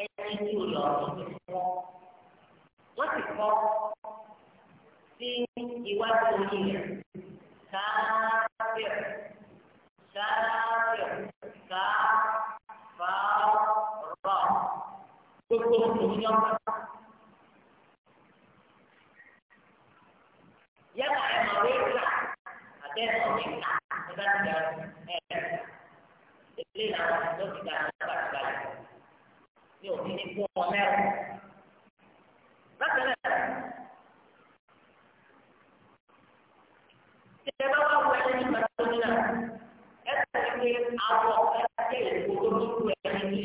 ẹni tí ò lọ ọ̀dọ̀ Wọ́n ti kọ́ sí iwájú orí rẹ̀ káá bẹ̀rẹ̀. kafir kafarah gbogbo mùsùlùmí ọmọ yálà ẹ mọ wí ká àbẹ ẹ mọ wí ká ẹ bá ti dà ẹ ilé làwọn tó ti dà ẹ bá ti dà ẹ ní òfin ní fún wọn mẹ́rin ní àwọn ọ̀pẹ́ ìgbòho lóko ẹni ní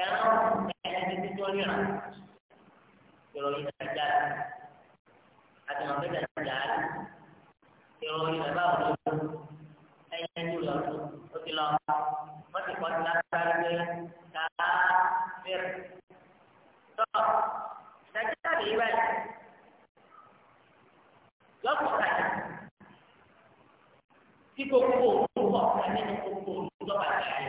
ẹ̀rọ ẹni tí wọ́n rí rà ìròyìn nàìjà àti màmí nàìjà ìròyìn nàìjà òdòdó ẹ̀yẹ ní ìlọ tó ti lọ wọ́n ti kọ́ lágbára pé káfíìr. kí gbogbo òwúrọ̀ ọ̀sán nínú gbogbo òwúrọ̀ bàtà rẹ̀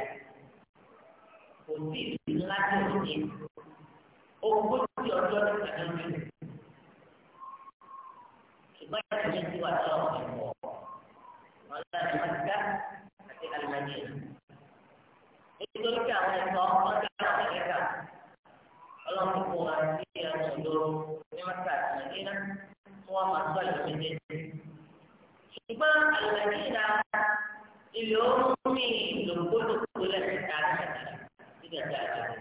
kò sí ìlú ńlá tó ń yẹ ogójì ọjọ́ ní kàdúrà ṣùgbọ́n ìyá ti wà tó ọmọ ẹ̀kọ́ wọn láti máa dá àti alimẹ́jẹ. nítorí pé àwọn ẹ̀kọ́ ṣùgbọ́n àlùmọ̀dínà ilẹ̀ oòrùn mi lòkòlòkò lẹ́sẹ̀ ká lẹ́sẹ̀ nígbà tí a jẹ́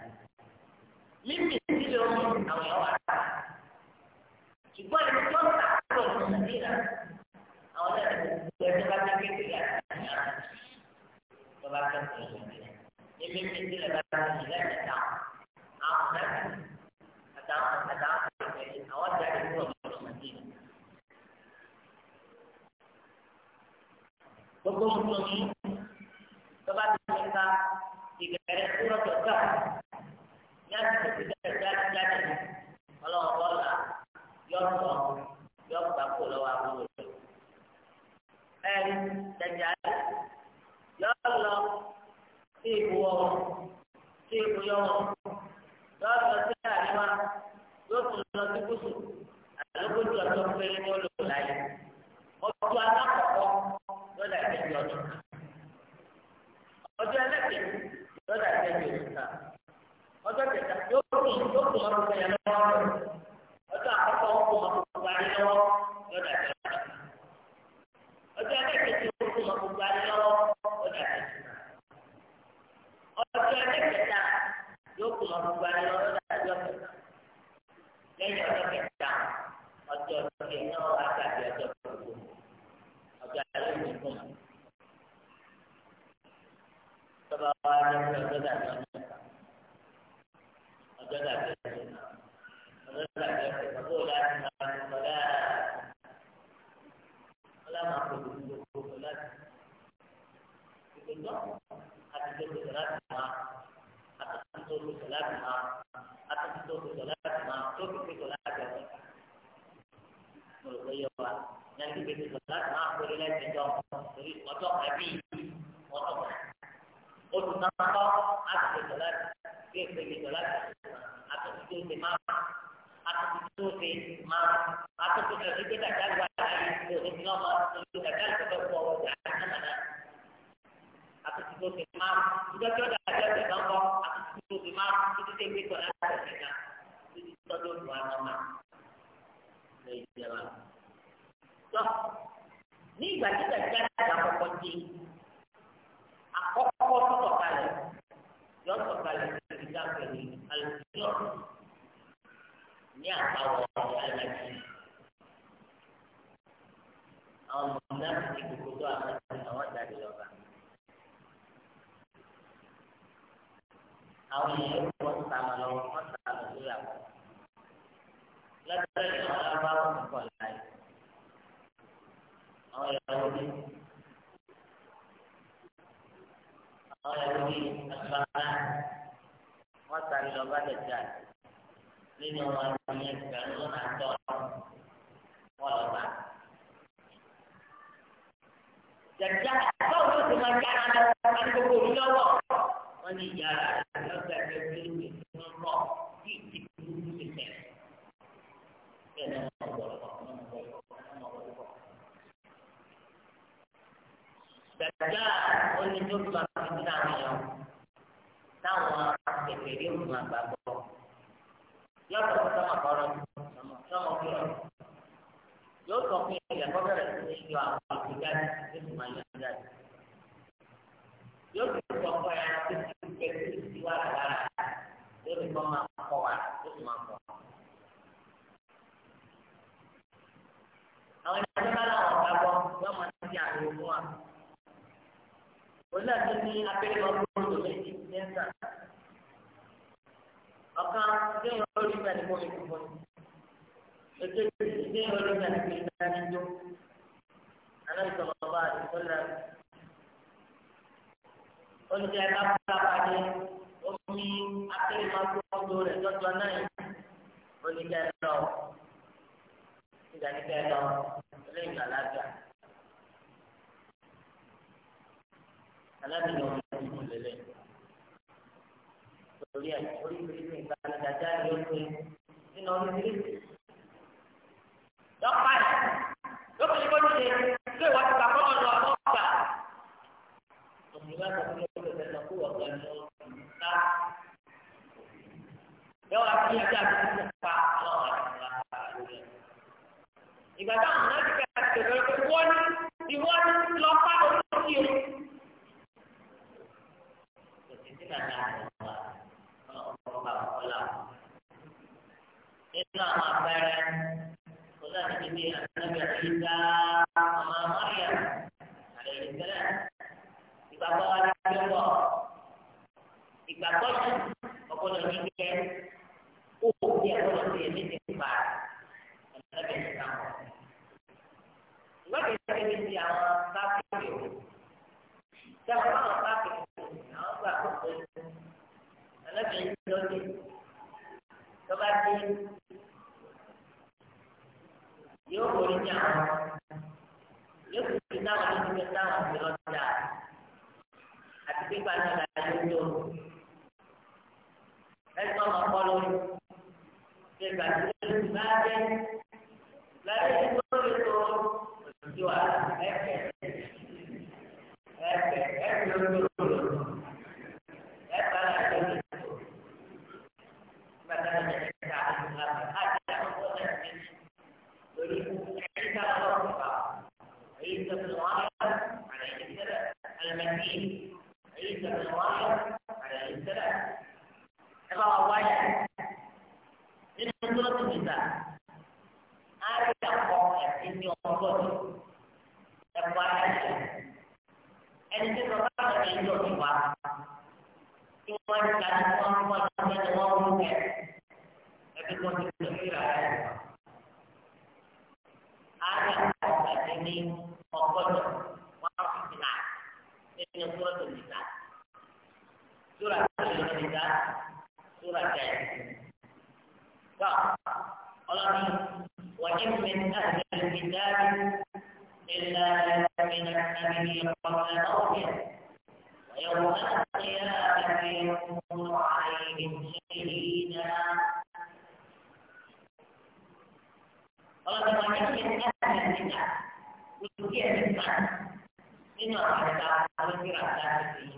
mímì sílẹ̀ oòrùn àwọn èèyàn wà á ṣùgbọ́n ìlú tó ń ta kúrò ní nàìjíríà àwọn náà ti gbogbo ẹni bá fẹ́ kékeré àti àná tó bá fẹ́ kúrò ní nàìjíríà ní mímì sílẹ̀ bá fẹ́ kúrò ní nàìjíríà àwọn náà àtàwọn àtàwọn àwọn jáde kúrò gbogbo mùsùlùmí tó bá ti ṣe ká ìbẹ̀rẹ̀ kúrò tó gbà ní àtúntò ti bẹ̀rẹ̀ jáde jáde ọlọ́wọ́ bọ́ọ̀là yọ sọ yọ gbà kó lọ́wọ́ àbúrò rẹ̀. ẹ̀rí tẹ̀jà yọ lọ sí ìbúwọ́ wọn sí ìbúyọ́ wọn yọ lọ sí àríwá yóò tún lọ sí gúúsù àlọ́gbọ́dọ̀ tó ń péré ní láyé. ọ̀tún alákọ̀ọ́ lọ́dà ìtẹ́jú ọdún ọjọ́ ẹlẹ́kẹ̀ lọ́dà ìtẹ́jú ọdún kan ọjọ́ kẹta yóò kún yóò kún ọdún kẹyà lọ́wọ́ ọjọ́ àkọ́kọ́ kún ọdún parí lọ́wọ́ lọ́dà ìtẹ́jú ọdún ọjọ́ ẹlẹ́kẹ̀ tí ó kún ọdún parí lọ́wọ́ lọ́dà ìtẹ́jú ọdún ọjọ́ ẹlẹ́kẹta yóò kún ọdún parí lọ́wọ́ lọ́dà ìtẹ́jú ọdún lẹ́yìn ọjọ́ kẹta المسلمة طبعا أنا أجدع أجدع أجدع تقول أن الصلاة ولا معقول الصلاة يقول له حتى تقول صلاتها حتى تقول صلاتها حتى تقول صلاتها تقول صلاتها مرضية واحدة nanti kita sebelas maaf bolehlah sejauh jadi motor habis motor untuk nama atau sebelas dia pergi sebelas atau itu si mama atau itu si mama atau kita kita tak jalan lagi itu si mama itu tak jalan kita bawa jalan mana atau itu si mama sudah kita dah jalan ke bangkok atau itu si mama itu si kita sebelas kita itu tu dua nama Jadi jalan sọ ní ìgbà tí kẹ̀kẹ́ àti àkọ́kọ́ di àkọ́kọ́ sọ̀tọ̀ kalẹ̀ yọ sọ̀tọ̀ kalẹ̀ níbi dáńpẹ̀ ní alùpùpù ní àpáwọ̀ alájí àwọn mọ̀nà ti gbogbo tó àwọn àwọn jáde lọ́ba. àwọn èèyàn wọ́n ta lọ lọ́wọ́ wọ́n ta lọ lórí àwọn. lọ́dọ̀ ìjọba bá wọn kọ̀ láyé àwọn ìyàwó ní àwọn ìyàwó ní àgbàlá wọn sáré lọ bá dẹjà nínú wọn ní ẹgbẹ̀rún lọnà àtọ wọn lọ bá. dẹjà báwo ló ti máa jára lọ àti gbogbo òun lọ́wọ́ wọn ní ìyá rẹ lọgbà ẹgbẹ́ tó ń bọ̀ kí ìdí ti tẹ bẹ́ẹ̀ náà wọn gbọ́dọ̀. dàgbà onídìrí máa fi táwọn èèyàn táwọn kẹfẹ rí fún sọmọ kọrọ yóò sọ fún ìyá kọ bẹ̀rẹ̀ sí yọ àwọn àgbéjáde tó sì máa yọ yóò sọ fún ẹran tó ti kẹ sí ìwà lára yóò sì kọ́ máa wa tó sì máa kọ́. àwọn ìdájọ́ bá láwọn ọ̀gá gbọ́ yóò máa ti àlè fún wa oní àti ní abẹ́rẹ́ máa ń bọ́ ọ́ lórí ìdíyẹ́nsà ọ̀kan déyìn olórí náà ní mo lè fún mi èkejì déyìn olórí náà ní kéde náà ní jó anábìsọ̀ bàbá àdìsọ́ náà olùkẹ́ ẹ̀ka fúnra pàdé omi abẹ́rẹ́ máa ń bọ́ ọ́ lórí náà olùkẹ́ ẹ̀ lọ ìdánilẹ́ lọ ilé ìgbàlagbà. alábìyẹ wọn ló ti kún lélẹ̀ torí ẹ orí fèrèsé nǹkan àdájá ni ó pé nínú orí fèrèsé lọ́pàá yìí lọ́pàá yìí kò ti ṣe pé ìwà ti gbà fọ́nà lọ àwọn ọgbà òmìnira tó fi lọ́pàá yìí lọ kó ọ̀gá ni ó ti ká yọ wá sí ẹgbẹ́ àti ìdílé pa àwọn àgbà lórí lọ́pàá orí kàdà àgbà ọ̀pọ̀lọpọ̀ àkọlà. Nínú àwọn àpẹẹrẹ, kò sáà ti di àtúnṣe àyíká ọmọ Mọ́ríà àlejò tẹ́lẹ̀. Ìgbàgbọ́ wa ti fi wọ̀. Ìgbàgbọ́ yìí ọ̀pọ̀lọ̀ ní kẹ́ ó ti ọ̀pọ̀lọ̀ sí ẹ̀mí ti fà ọ̀nàdàbẹ̀ ní káwọn. Ìwádìí ti fi ti àwọn sáfìkì o. Ṣé àwọn báwọn sáfìkì gbà kó pé ẹlẹ́bẹ̀ẹ́ yìí ló dé lọ́ba dé yóò borí ní àwọn yóò fi fi táwọn ní fi táwọn ti lọ́jà àti pípa náà la yóò ẹgbẹ́ ọmọ kọ́ ṣe gbàgbé lórí bá dé lálẹ́ ìgbó lórí tó ojú wa ẹ̀fẹ̀ ẹ̀fẹ̀ ẹ̀fẹ̀ lórí ليس في الغاية على علم ثلاث المنهي ليس في الغاية على علم ثلاث من سورة النساء آية أخرى إني أخرج أخرج ẹni tí bàbá àgbà yìí lọ sí wa tí wọ́n ń ta ní wọ́n wọ́n gbọ́dọ̀ wá sí ìdá nínú súrà tó nìta súrà tó nìta súrà tẹ̀. Tọ́ ọlọ́ni wọ́n yẹ́ mi ní àti ìdá إلا من النبي قبل موته ويوم القيامة يكون عليهم شهيدا قال من أهل Mengikuti ajaran ini orang ada tahun di ini.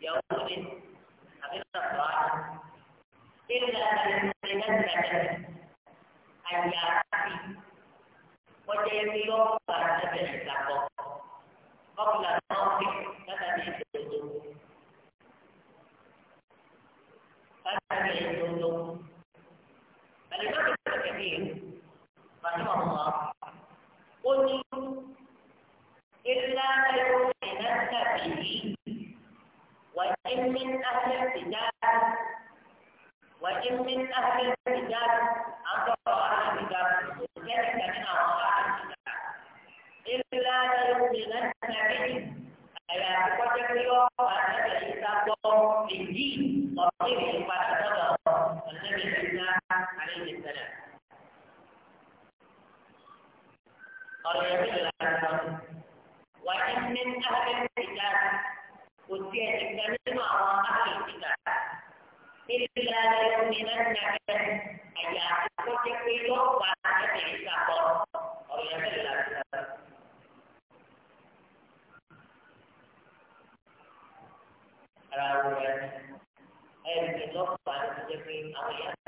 Ya Allah, tapi tetap doa. yang kita mereka berada ajarati. Wajah yang tiro berada dari lapor. Kau bilang topik kata dia itu. Kata dia itu. Kalau kita berkata, Rasulullah قل إلا تؤمنن به وإن من أهل الكتاب وإن من أهل الكتاب أنظر أهل الكتاب وذلك من أهل الكتاب إلا ليؤمنن به أي أتقدم اليوم أن عيسى قوم بالدين وقيل فتدبر النبي عيسى عليه السلام kalau yang dilarang. Wajib min ahli tiga, usia tiga lima orang ahli tiga. Illa yuminan nyakin, ayat itu cikwilo, wajib bisa kok. Kalau yang dilarang. Rauhnya, ayat itu cikwilo, wajib bisa kok.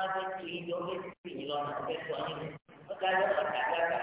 máa fẹ́ kí ìjọ fẹ́ sí ìlọ́nà fẹ́ sọ nínú ọ̀gá yóò pàtàkì àgbà.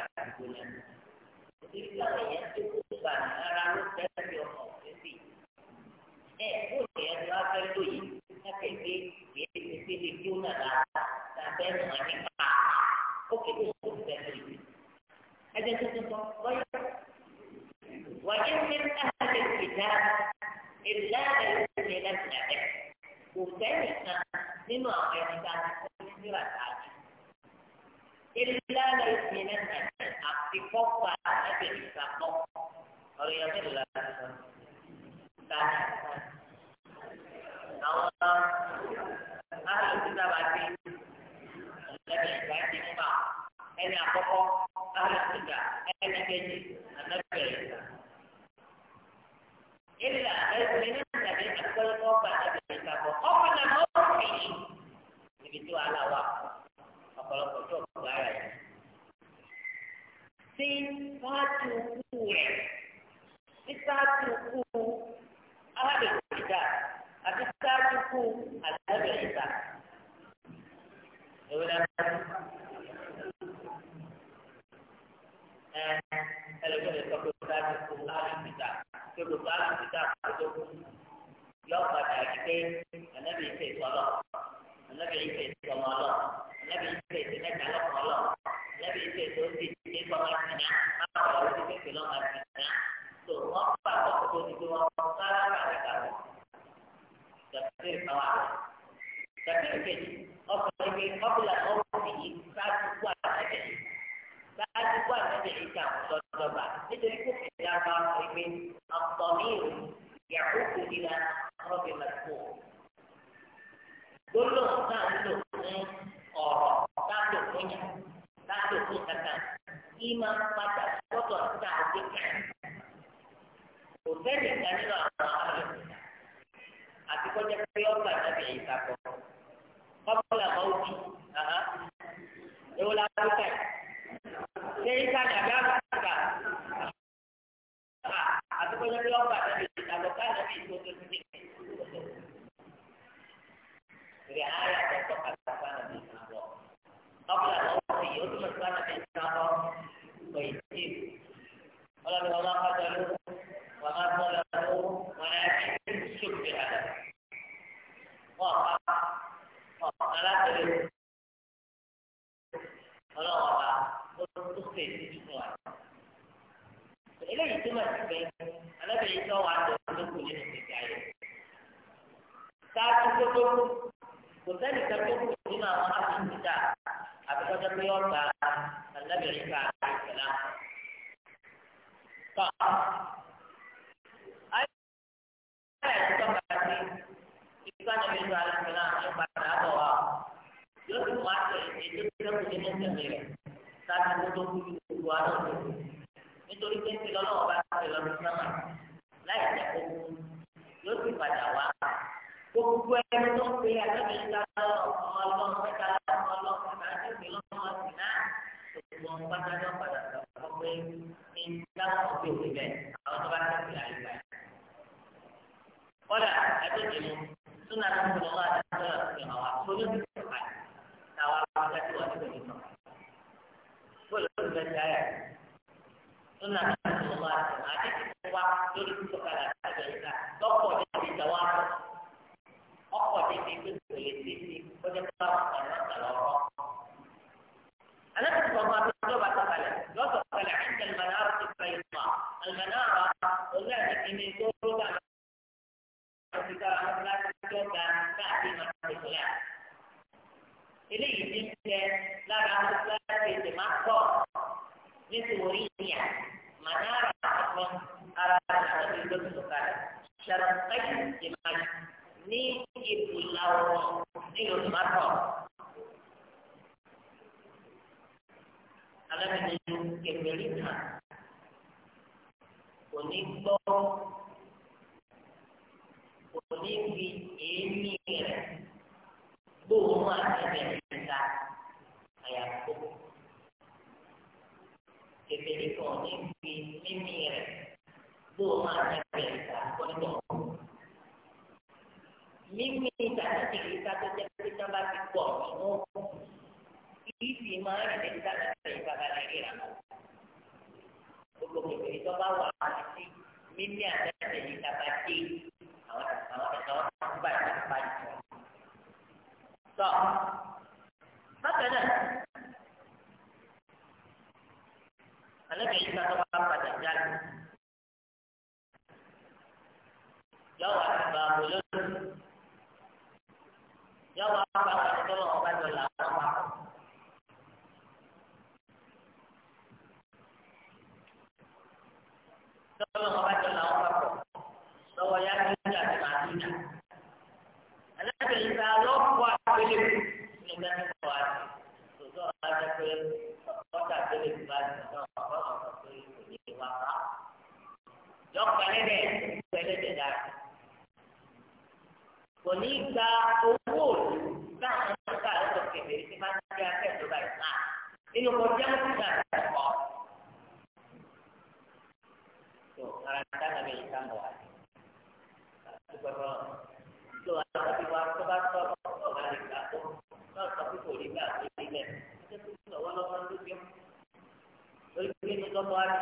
الله عليه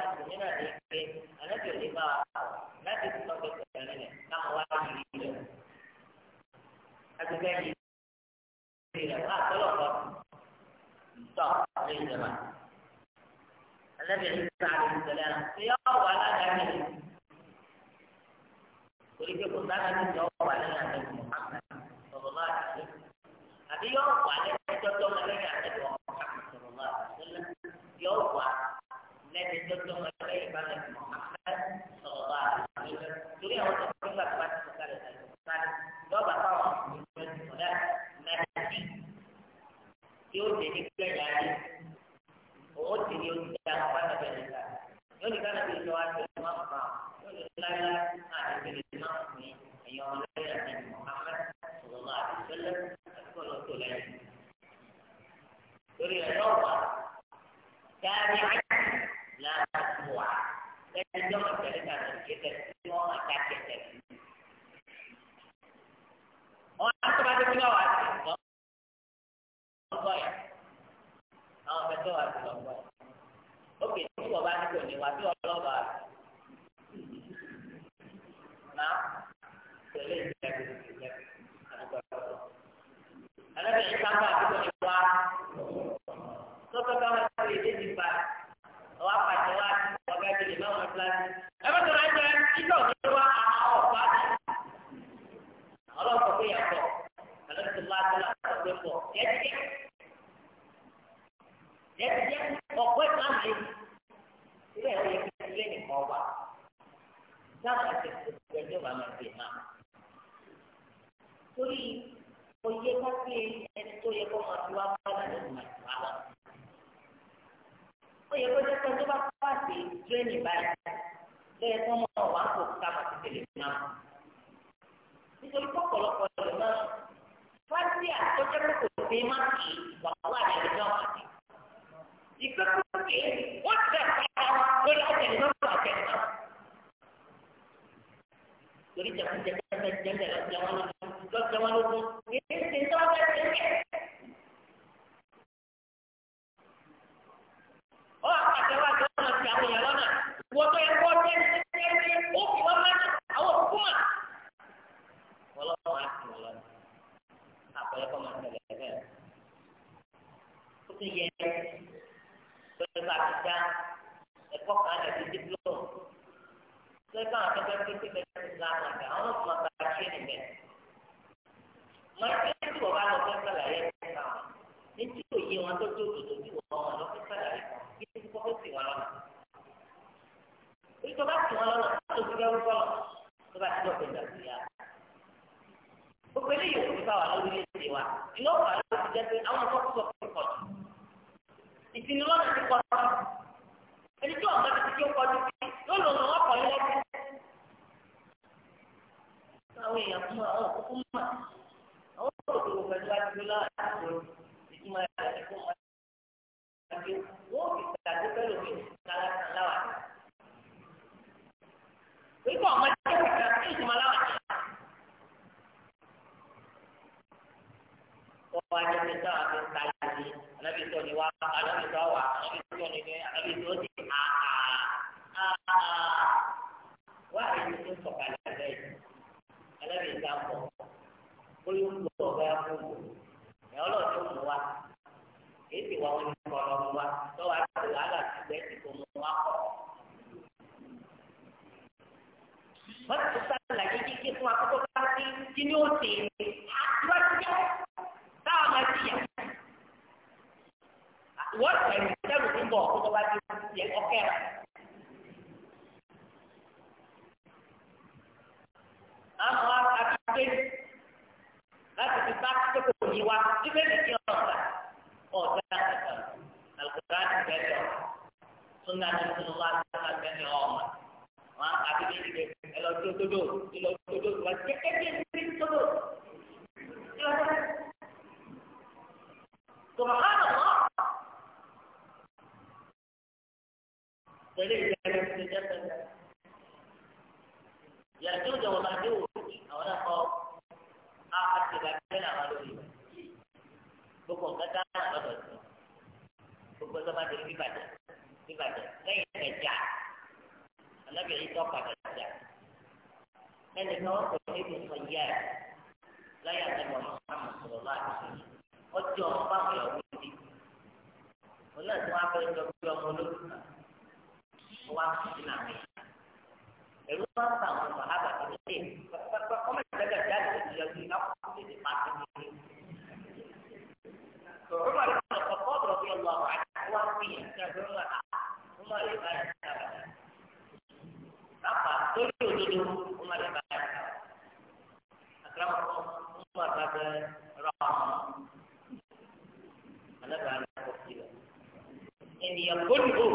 ó dùn ó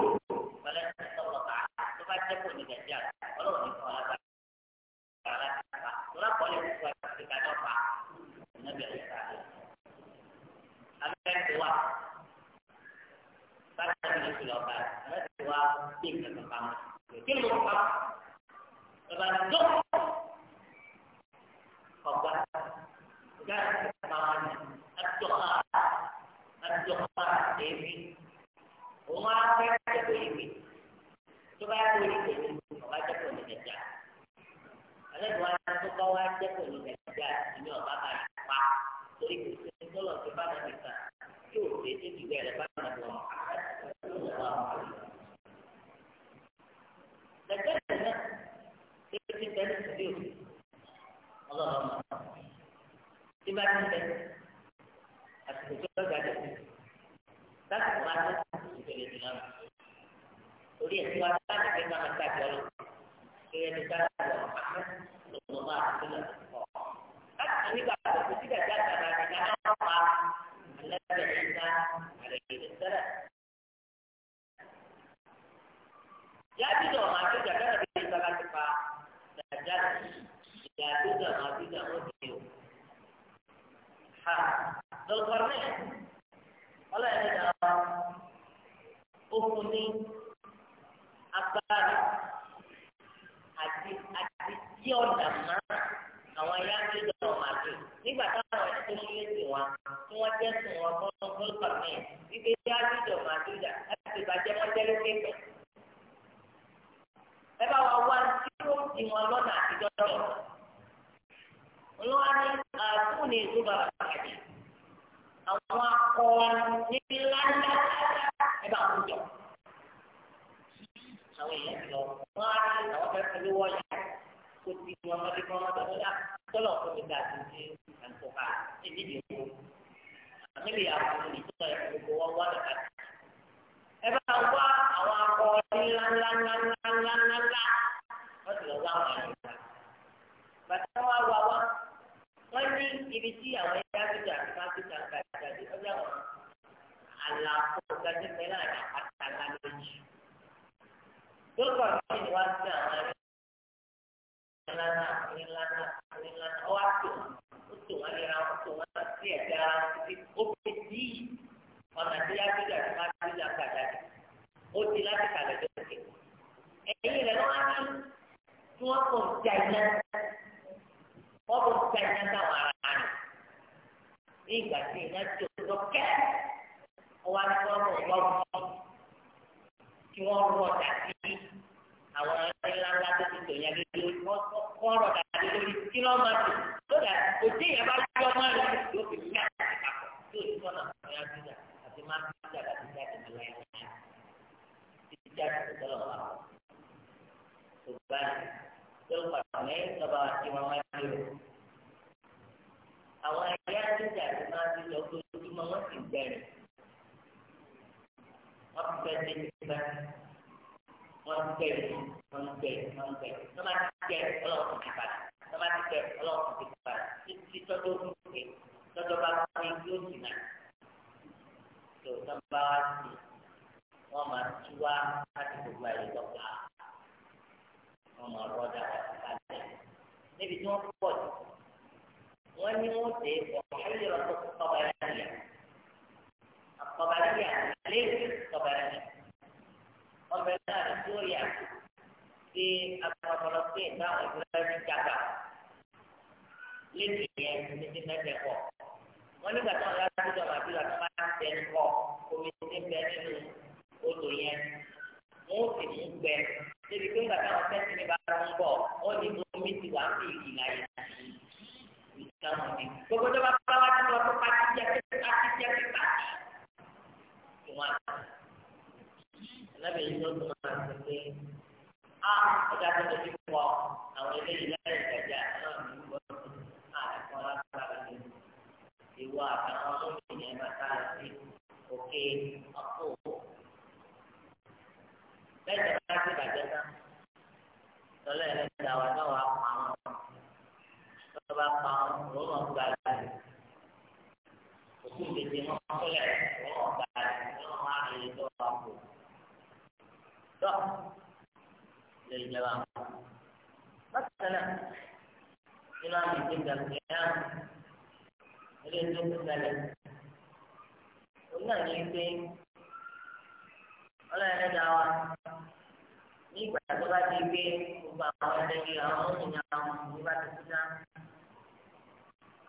wá jẹ́ pẹ̀lú nàìjíríà ìní ọ̀bá bá yìí pa torí kò sí ẹni tó lọ sí bá nàìjíríà kan yóò ṣe é ti bẹ̀rẹ̀ bá nàìjíríà wọn nàìjíríà náà ṣe é ti bẹ̀rẹ̀ sí ọlọ́run tí bá ti bẹ̀rẹ̀ ya da masu gagara da ke zara ta fa da jaji ya ji da masu da wasu ha dalkarne Allah ya da ohun ni agbára àti àti tí ọ̀dà máa àwọn ya ń gbé dọ̀rọ̀ máa dùn nígbà táwọn ẹni tó ṣílẹ̀ sí wọn tí wọ́n jẹ́ sùn wọn fún ọgbọ́n pàmì wípé yá ń gbé dọ̀rọ̀ láti bàjẹ́ wọn jẹ́ lókè pẹ̀lú ẹ bá wa wá tí ó di wọn lọ́nà àtijọ́ lọ. Olúwa ní àbúrò ní ìlú bàbá pàtàkì. Àwọn akọni ní ńláńlá ẹ bá wọn jọ. Àwọn èèyàn lọ, wọ́n á rí àwọn fẹ́ fi lówó ọ̀yà kó ti wọn lọ́dún kan lọ́dún tó dá tọ́lọ̀ kó ti dà sí ti àǹtọ̀ká ẹ̀dídìí owó. Àmì lè àwọn olùtọ́ ẹ̀ gbogbo wọn wá lọ́kàtà ẹ bá wá àwọn akọ ọdún ńláńláńláńláńláńlá wọ́n ti lọ wá àwọn àyíká. bàtà wá wá wá wọ́n ní ibi tí àwọn ẹ̀yà gbèjà àti pásítà ń gbàgbé jáde ó jẹ́ àwọn àlàfo gbàgbé pẹ̀lú àwọn àpàtàkà méjì. lókọ̀ ní ìwà sí àwọn ẹ̀rọ ńláńlá ńláńlá ńláńlá ọwọ́ àti òun ó tò wọ́n lera ó tò wọ́n sí ẹ̀dá ó fi dí ọ̀nà tí lágbèjà ti máa gbèjà pàjáde ó ti láti kàlẹ̀ lókè. ẹ̀yin rẹ̀ wọ́n á ní kí wọ́n kò ja iná wọ́n kò ja iná táwọn ará rẹ̀ ní ìgbà tí iná tí o lọ kẹ́ wọ́n á ní kí wọ́n mọ̀ lọ́wọ́ kí wọ́n rọ̀ dàbí àwọn ńláńlá tó ti tò yẹn lórí wọ́n kọ́ dàbí lórí kí wọ́n máa tò lódà òtí ìyẹn bá gbé ọmọ rẹ̀ lókè ní àkàkọ́ tó ìfọ̀nà ọ̀yà gbígbà mati tidak bisa dimiliki. Tidak terlalu. Subhan. Sulpane sebab imam itu. Awalnya tidak mati lalu cuma mati jadi. Apa jadi kita? Mengkek, mengkek, mengkek. Semati jadi kalau tidak. Semati jadi kalau tidak. Itu itu tuh. Itu tuh kalau itu tidak tó sábà wá sí wọn máa tú wá láti gbogbo àyè lọ́pàá wọn máa rọ́dà wá sí kálẹ̀ níbi tí wọ́n pọ̀ jù wọ́n ní wọ́n dé ọ̀hún yọ̀rọ̀ tó tọ́balẹ̀ tọ́balẹ̀ lé tọ́balẹ̀ ọbẹ̀ náà ní sóríà ṣe agbọ̀nmọ̀lọ́ pé ìgbà wọn ìgbà wọn ti dàgbà lé nìyẹn ní ti mẹ́tẹ̀ẹ̀kọ́ wọ́n nígbà tí wọ́n yá síjọ màbí lọ tí wọ́n á tẹ ẹnìkọ́ omi ti bẹ nínú odò yẹn wọ́n sì mú gbẹ débi pé nígbà táwọn fẹ́ǹsì ní bàbá ń bọ̀ wọ́n ní omi ti wà ń fi ìlà yẹn ìdáhùn ni gbogbo tó bá bá wá ti lọ tó pàtí jẹ pé pàtí jẹ pé pàtí. ìwọ̀n ẹlẹ́bẹ̀ẹ́ yìí ló tún máa ń sọ pé a ah, ọjà tó lè fi pọ̀ àwọn eléyìí lẹ́yìn ìtajà náà. ìwà àtàwọn tó ní ìyẹn máa ká lọ sí òkè ọkọ òwò. lẹ́yìn tí wọ́n ti bàjẹ́ náà lọ́lọ́ yẹn lẹ́yìn ìdáwà náà wà pa wọn. lọ́wọ́ bá pa wọn lọ́wọ́ náà gba àgbàdo. òkú tètè wọn kọ́lẹ̀ lọ́wọ́ gba àgbàdo lọ́wọ́ máa rìn lọ́wọ́ àpò. lọ́ lè jẹba. bákan náà nínú àmì ìgbéga kìí ilé tó kú lálẹ́ òun náà ní pé ọlọ́run ẹ̀dá wa ní ìgbà tó bá ti gbé gbogbo àwọn ẹlẹ́yìn àwọn ọmọnìyàn àwọn ọmọnìyàn bá ti kú náà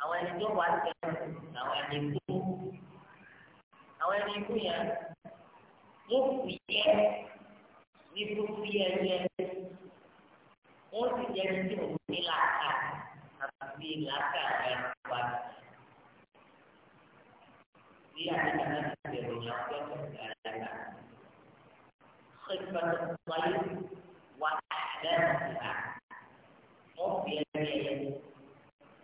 àwọn ẹni tó wà lẹ́yìn àwọn ẹni tó àwọn ẹni tó yẹn ló kù yẹ ní tó kú yẹ yẹ wọ́n sì jẹ́ ní tí òun ní làákà àti làákà rẹ̀. يعني أنا أكثر من خفة الطير وأحداثها مبين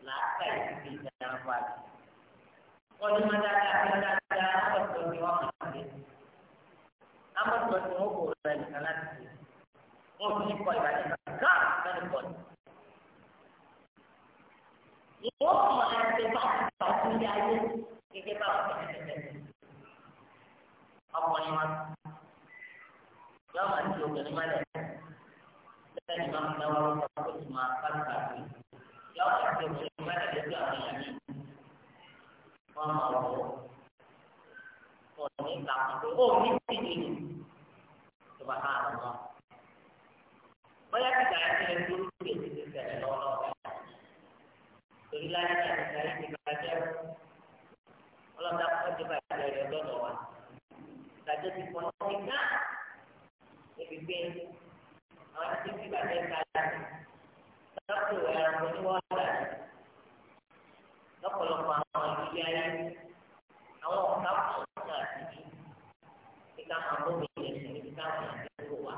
لا خير في تنفس قد مدى تحدث أمر الدنيا أمر الدنيا هو الثلاثة وفي قوي بعد كم من قوي وما أنت بعد بعد kíkẹ́ bá wọn tẹ̀lé ọkùnrin wa yóò máa ti obìnrin má lẹ̀ bẹ́ẹ̀ ni máa ń dáwọ́ kó tó máa bá gbà pé yóò máa ti obìnrin má lẹ̀ lójú àwọn èèyàn mi wọ́n máa wọ̀ ọ́ ní ìtàkùn ó ní ìdíje tó bá ká àwọn ọmọ bóyá kíkà ẹ̀ ń lé dúró lórí ìdíje tẹ̀lé lọ́wọ́lọ́wọ́ torí láyé náà kíkà ẹ̀ ń ọlọ́dà ọjọ́ báyìí rẹ̀ lọ́dọ̀ wa. Ìdájọ́ ti pọ̀ ní ká ebi gbé àwọn tí ti bàjẹ́ ká láti. Lọ́pọ̀ ìwé ẹranko ní wọ́n dà ní. Lọ́pọ̀lọpọ̀ àwọn ìdílé ayé àwọn ọ̀gá pọ̀ ní àtijọ́. Ìka máa bó mi lè ṣe ní ká máa ń dẹ́kọ̀ wa.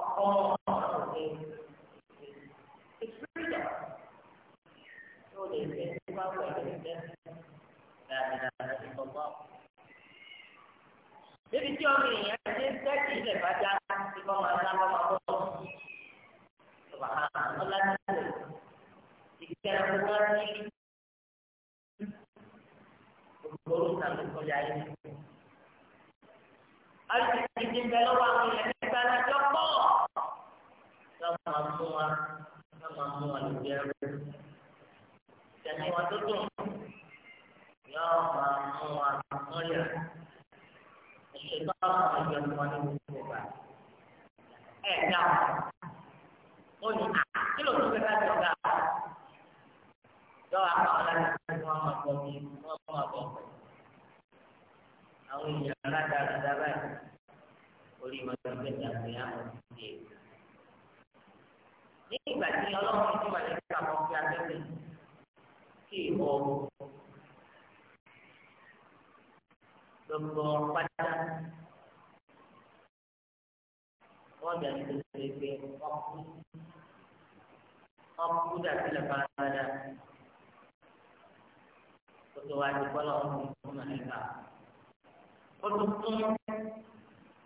Ọkọ̀ tí ọmọ èèyàn ṣe ń tẹ́tì ilẹ̀ bá dá sí kọ́ máa dá kọ́ máa bọ́ sọ̀rọ̀ ọ̀làdìbò ìgbésẹ̀ ọ̀gbọ́n wọn ní ògbóró tàbí kọjá yìí. Àti ìdí ń bẹ lọ́wọ́ àwọn ilẹ̀ nígbà náà jọ pọ̀. Lọ́wọ́ máa wa, lọ́wọ́ máa mú wa lórí ẹrú. Ìjànìwọ̀n tó dùn yóò máa mú wa mọ́yà ṣètò àwọn ìjọ tí wọ́n ní gbogbo ìgbà. Ẹ dáhùn. Ó ní à kí ló tún fẹ́ ká jọ gbà? Lọ́wọ́ àwọn aláìsàn ni wọ́n máa bọ̀ ní wọ́n máa bọ̀ pẹ̀lú. Àwọn èèyàn aládàáda báyìí orí wọn ti gbé ìdàgbé ọlọ́run ti wà ní ìgbà kan fi abẹ́rẹ́ kí ìwọ ọ̀hún. gbogbo pátá wọ́n dà ní tòṣèlè pé ọkú ọkú dà sílẹ̀ pàdánù kótó wa ti kọ́ lọ́wọ́ fún màlẹ́kà ó tún fún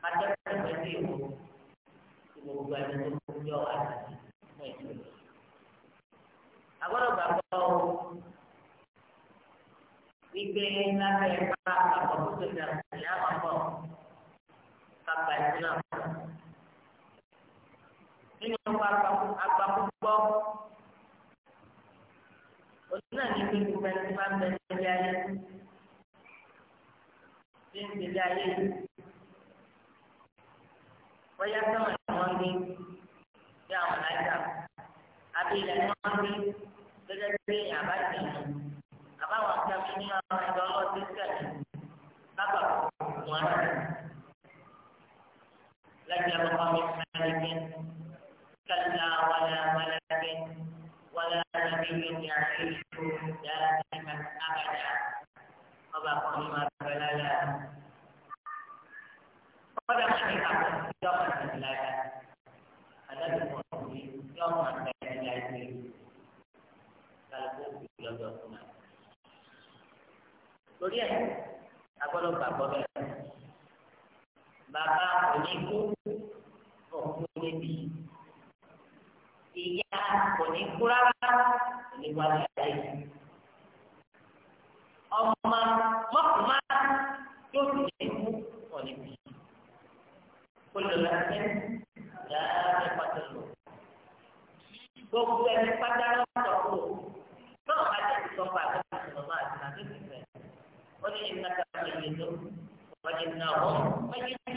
adẹ́kọ̀ọ́ ìgbésí ìwò tí gbogbo tó kú yọ àti fún ìṣòro. àgbọ̀dọ̀ gbàgbọ́ ìgbé lábẹ́ ìpá àpapọ̀ tó gbèsè àpèlè àpapọ̀ pàpà ìsìlá. nínú àpapọ̀ òtúnà ní pé gbogbo ẹni tó bá ń bẹ nílé ayé ní ìdílé ayé wọ́n yá sọ́wọ́n ní wọ́n gbé bí àwọn láìka àbí ilẹ̀ ní wọ́n gbé gẹ́gẹ́ bí àbájáde àbáwọn أكثر من ملك كلا ولا ملك ولا نبي يعيش دائما أبدا صدق لما بلالا قد حقق يوم البلالا أدب المؤمنين يوم البلالا كالقوم يوم القيامة لوريا أقول لك أقول لك bàbá oníkú ọ̀pọ̀ níbi ìyá oníkú rárá oníwájú ayé ọmọ mọ́kùnmá yóò fi lè mú ọ̀nìbí olùlọ́sẹ̀ láàárín pàtó lò gbogbo ẹni pátá lọ́sọ̀ kú náà bá jẹ́ ìsọ̀fà àti ìsọ̀fà àti àti ìsọ̀fà ó ní ìnáka méjì tó wọ́n ti ná ọ̀hún méjì.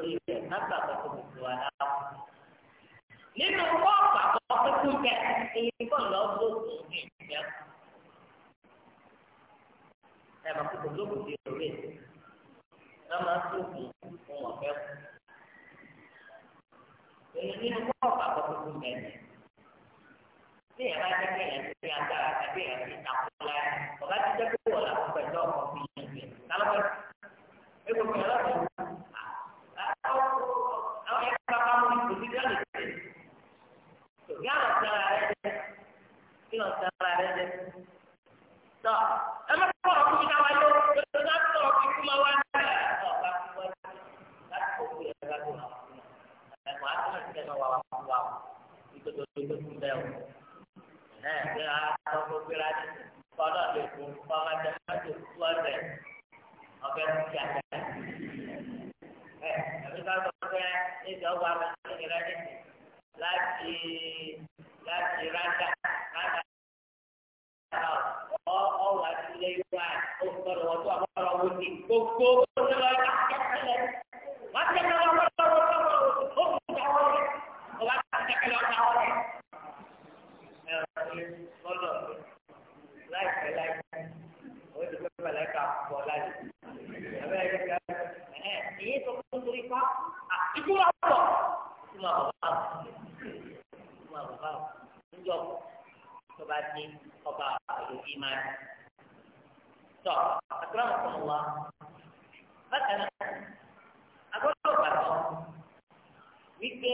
lórí rẹ̀ lágbà pẹ̀lú gbogbo àná. Nínú kọ́ọ̀pù àkọ́kọ́ pípín bẹ́ẹ̀ èyí kọ́ lọ gbóògùn ní ìjẹ́. Ẹ máa kókò lókùn sí orí ẹ̀. Wọ́n máa ń tóògùn fún ọ̀fẹ́ kù. Èyí nínú kọ́ọ̀pù àkọ́kọ́ pípín bẹ́ẹ̀ ní ẹ̀rọ akẹ́kẹ́ yẹn ti fi agbára tàbí ẹ̀rọ ti takò láyé ọ̀gá ti jẹ́ pé wọ́n làwọn pẹ̀lú ọkọ̀ fi yẹn jẹ lálọ́pẹ́. Egbòkè kò sí gánà jẹ tó gánà sára rẹ jẹ kí wọn sára rẹ jẹ tó ẹ má kọ́ ọ̀rọ̀ kúkú táwa yó lọ́dọ̀ náà tó ọ̀rọ̀ kíkú máa wá nílẹ̀ wá láti kó kú ẹ̀ka ti kẹ́kọ̀ọ́ wà wá fún wa o ìgbésọ̀ tó tó kú bẹ́ẹ̀ o ẹ̀ ẹ̀ bí a sọ fún gbéra ní kọ́nà lè fún ọmọ ẹ̀jẹ̀ má tó ọ̀sẹ̀ ọ̀fẹ́ fún kí a kẹ́ ká sọ pé ẹ̀ ẹ̀ ní rẹ́díìtì láti láti rádà rádà ọ ọ wà sílé ìwà ó gbọ́dọ̀ wọ́n tó àbọ̀rọ̀ wọ́n ti gbogbo ó ti lọ ká kẹ́kẹ́lẹ́ wọ́n ti kẹ́kẹ́ wọ́n gbọ́dọ̀ wọ́n tó wọ́n ó fi ta wọ́n rẹ̀ ó bá ta kẹ́kẹ́ lọ́ ta wọ́n rẹ̀. ẹ ẹ gbọ́dọ̀ láìpẹ́ láìpẹ́ ó ti pẹ́ pẹ́lẹ́ ká pọ̀ láti. ẹ bẹ́ẹ̀ ni ẹ ẹ èyí tó kún torí pápá túmọ̀ bàbá túmọ̀ bàbá níjọ́ tó bá dé ọba àlòkì máa dé. tọ́ àtúrà nǹkan wá bákan náà agbọ́dọ̀ gbàgbọ́ wípé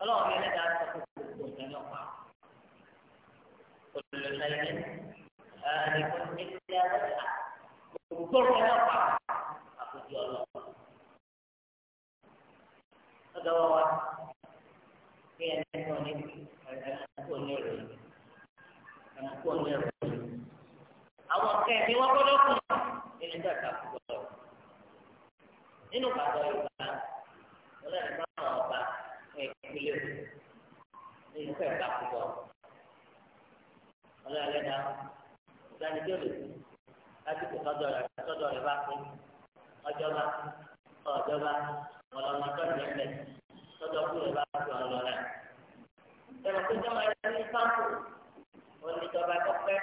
ọlọ́run yẹn lẹ́dàá sọ fún gbogbo ìjọba náà pa olùlọ́sẹ̀ yẹn ẹ̀ẹ́dẹ́gbọ́n ní ìdílé àgbàdo òǹtọ́rọ ọlọ́pàá àkójọ ọlọ́pàá. lọ́dọ̀ wá wá kí ẹni tó ní ẹ̀ẹ́dẹ́gbò ní rẹ̀ ẹ̀ẹ́dẹ́gbò ní rẹ̀. àwọn kẹ́ẹ̀mí wọ́n gbọ́dọ̀ kù nínú gbàgbà púpọ̀ nínú gbàgbà yorùbá ọlọ́run bá wọn ọba ẹ̀ẹ́dẹ́gbìlẹ̀ nínú gbàgbà púpọ̀ ọlọ́run lẹ́dá ìdánidé olùkú lásìkò tọ́jọ́ rẹ̀ tọ́jọ́ rẹ̀ bá pín ọjọ́ba ọjọ́ba ọlọ́mọ tọ́jọ́ ẹ̀fẹ̀ tọ́jọ́ kú rẹ̀ bá pín ọlọ́ rẹ̀. ẹ̀rọ pé jọ́mọ ẹni ní sáǹpù onítọ́ba tó pẹ́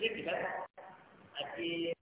ṣẹ́gẹ́tì bá àti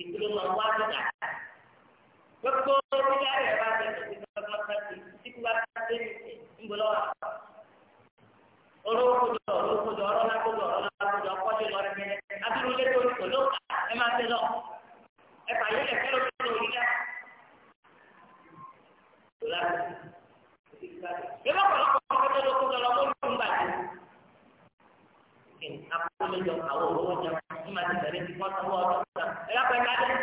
ìpínlẹ̀ máa wá nígbà. Gbogbo ìdílé rẹ̀ bá ti ṣe ìpínlẹ̀ máa bá ti títí wá sí ìgbòlọ́ wa. Olówó kojú ọ̀rọ̀ kojú ọ̀rọ̀ ńlá kojú ọ̀rọ̀ ńlá kojú ọkọ̀ lè lọ rẹ̀ mẹ́lẹ̀. Adúlú lé lórí kò ló ẹ máa ṣe lọ. Ẹ fà yẹ kẹ̀kẹ́ lórí kò lórí yá. Yọ̀bọ̀ pọ̀lọpọ̀ kọ́kọ́ tó lókun lọ́wọ́ lórí ń bàjẹ́. Àpò lè jọ àwọn olówó jẹun tí màá ti bẹ̀rẹ̀ ti kọ́ sanwó ọdún kan ẹ lápẹ́ kájẹ́.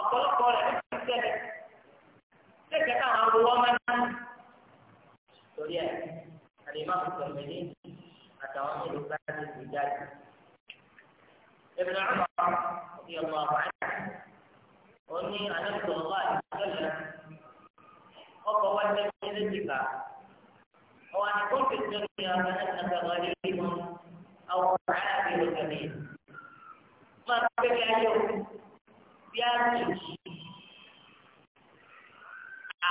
ọ̀pọ̀lọpọ̀ rẹ̀ ló ti ṣẹlẹ̀ ṣé kẹta àwọn arúgbó máa ń dáná. torí ẹ àlèmá kò tẹ̀lé àtàwọn mélòó bá ti ti jáde. ابن عمر رضي الله عنه واني انا صلى الله عليه وسلم ọkọ̀ wá ẹgbẹ́ أو أن يكون في الدنيا كأنك غريب أو عابر سبيل ما بك اليوم يأتي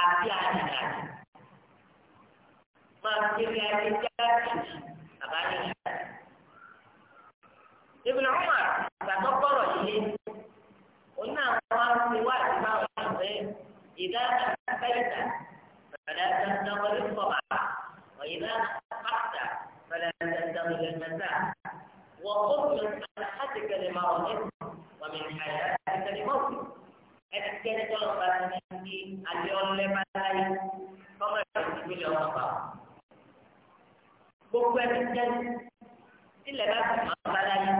àti àdìdàdì máa ń tẹ̀lé ayé jáàkì àbáyọ̀dà. Ibn Umar gbàgbọ́ kọ̀rọ̀ ilé oní àwọn máa ń fi wá àdìbáwọ̀ ṣùgbọ́n ìdá àti إذا نفحت فلا تنتظر المساء وقل من صحتك لمرضك ومن حياتك لموتك أتكلم طلبة منك اليوم لما لا فما يقول يوم الله gbogbo ẹni jẹ́nu sílẹ̀ bá ti máa bá láyé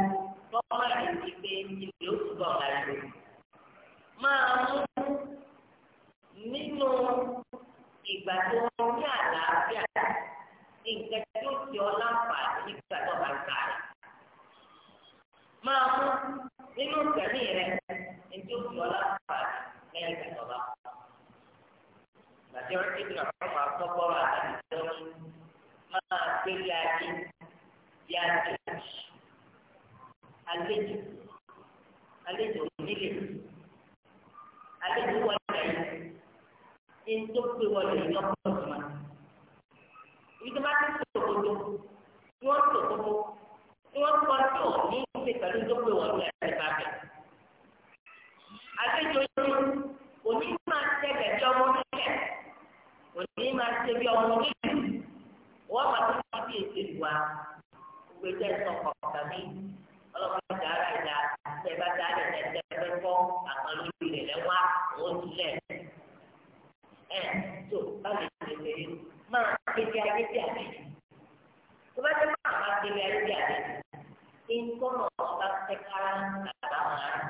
fọ́nmọ́ rẹ̀ ti pé ilé oṣù bọ̀ láyé. Máa mú nínú ìgbà tó wọ́n ní àlàáfíà nǹkan tí ó ti ma la ọ láǹfààní nígbà tó bá ń ta rẹ̀. Máa mú nínú ìtẹ̀lé rẹ̀ ní tí ó ti ọ láǹfààní lẹ́yìn ìgbà tó bá. Gbàtí ọ̀rẹ́ ti dùn àwọn máa tọ́ bọ́rọ̀ àtàlẹ́ tó ní máa gbé ilé ayé bí a ti àlejò àlejò nílé àlejò wọlé ní tó gbé wọlé lọ́pọ̀. ìgbìmọ̀ ti sòkòtò tí wọ́n sòkòtò tí wọ́n sọ tí ò ní ìṣe pẹ̀lú tó pé wọ́n lọ ẹ̀rẹ̀ bá bẹ̀. àlejò yìí òní máa tẹ̀lé bí ọmọ nílẹ̀ òní máa tẹ̀lé bí ọmọ nílẹ̀ wọ́n máa tún fi bí èsì wá gbẹdẹ sọkọ tàbí ọlọ́pàá dára ìdá tẹ bá dára ìdá tẹ bẹ fọ àwọn olórí rẹ lẹwà òun sílẹ̀ ẹ tó bá lè tẹ̀lé máa gbèsè ayé bí àbẹ̀jù. Tó bá jẹ́ máa máa gbèsè ayé bí àbẹ̀jù. Ìtọ́nà ọ̀gá fẹ́ kára bàbá wọn rẹ̀.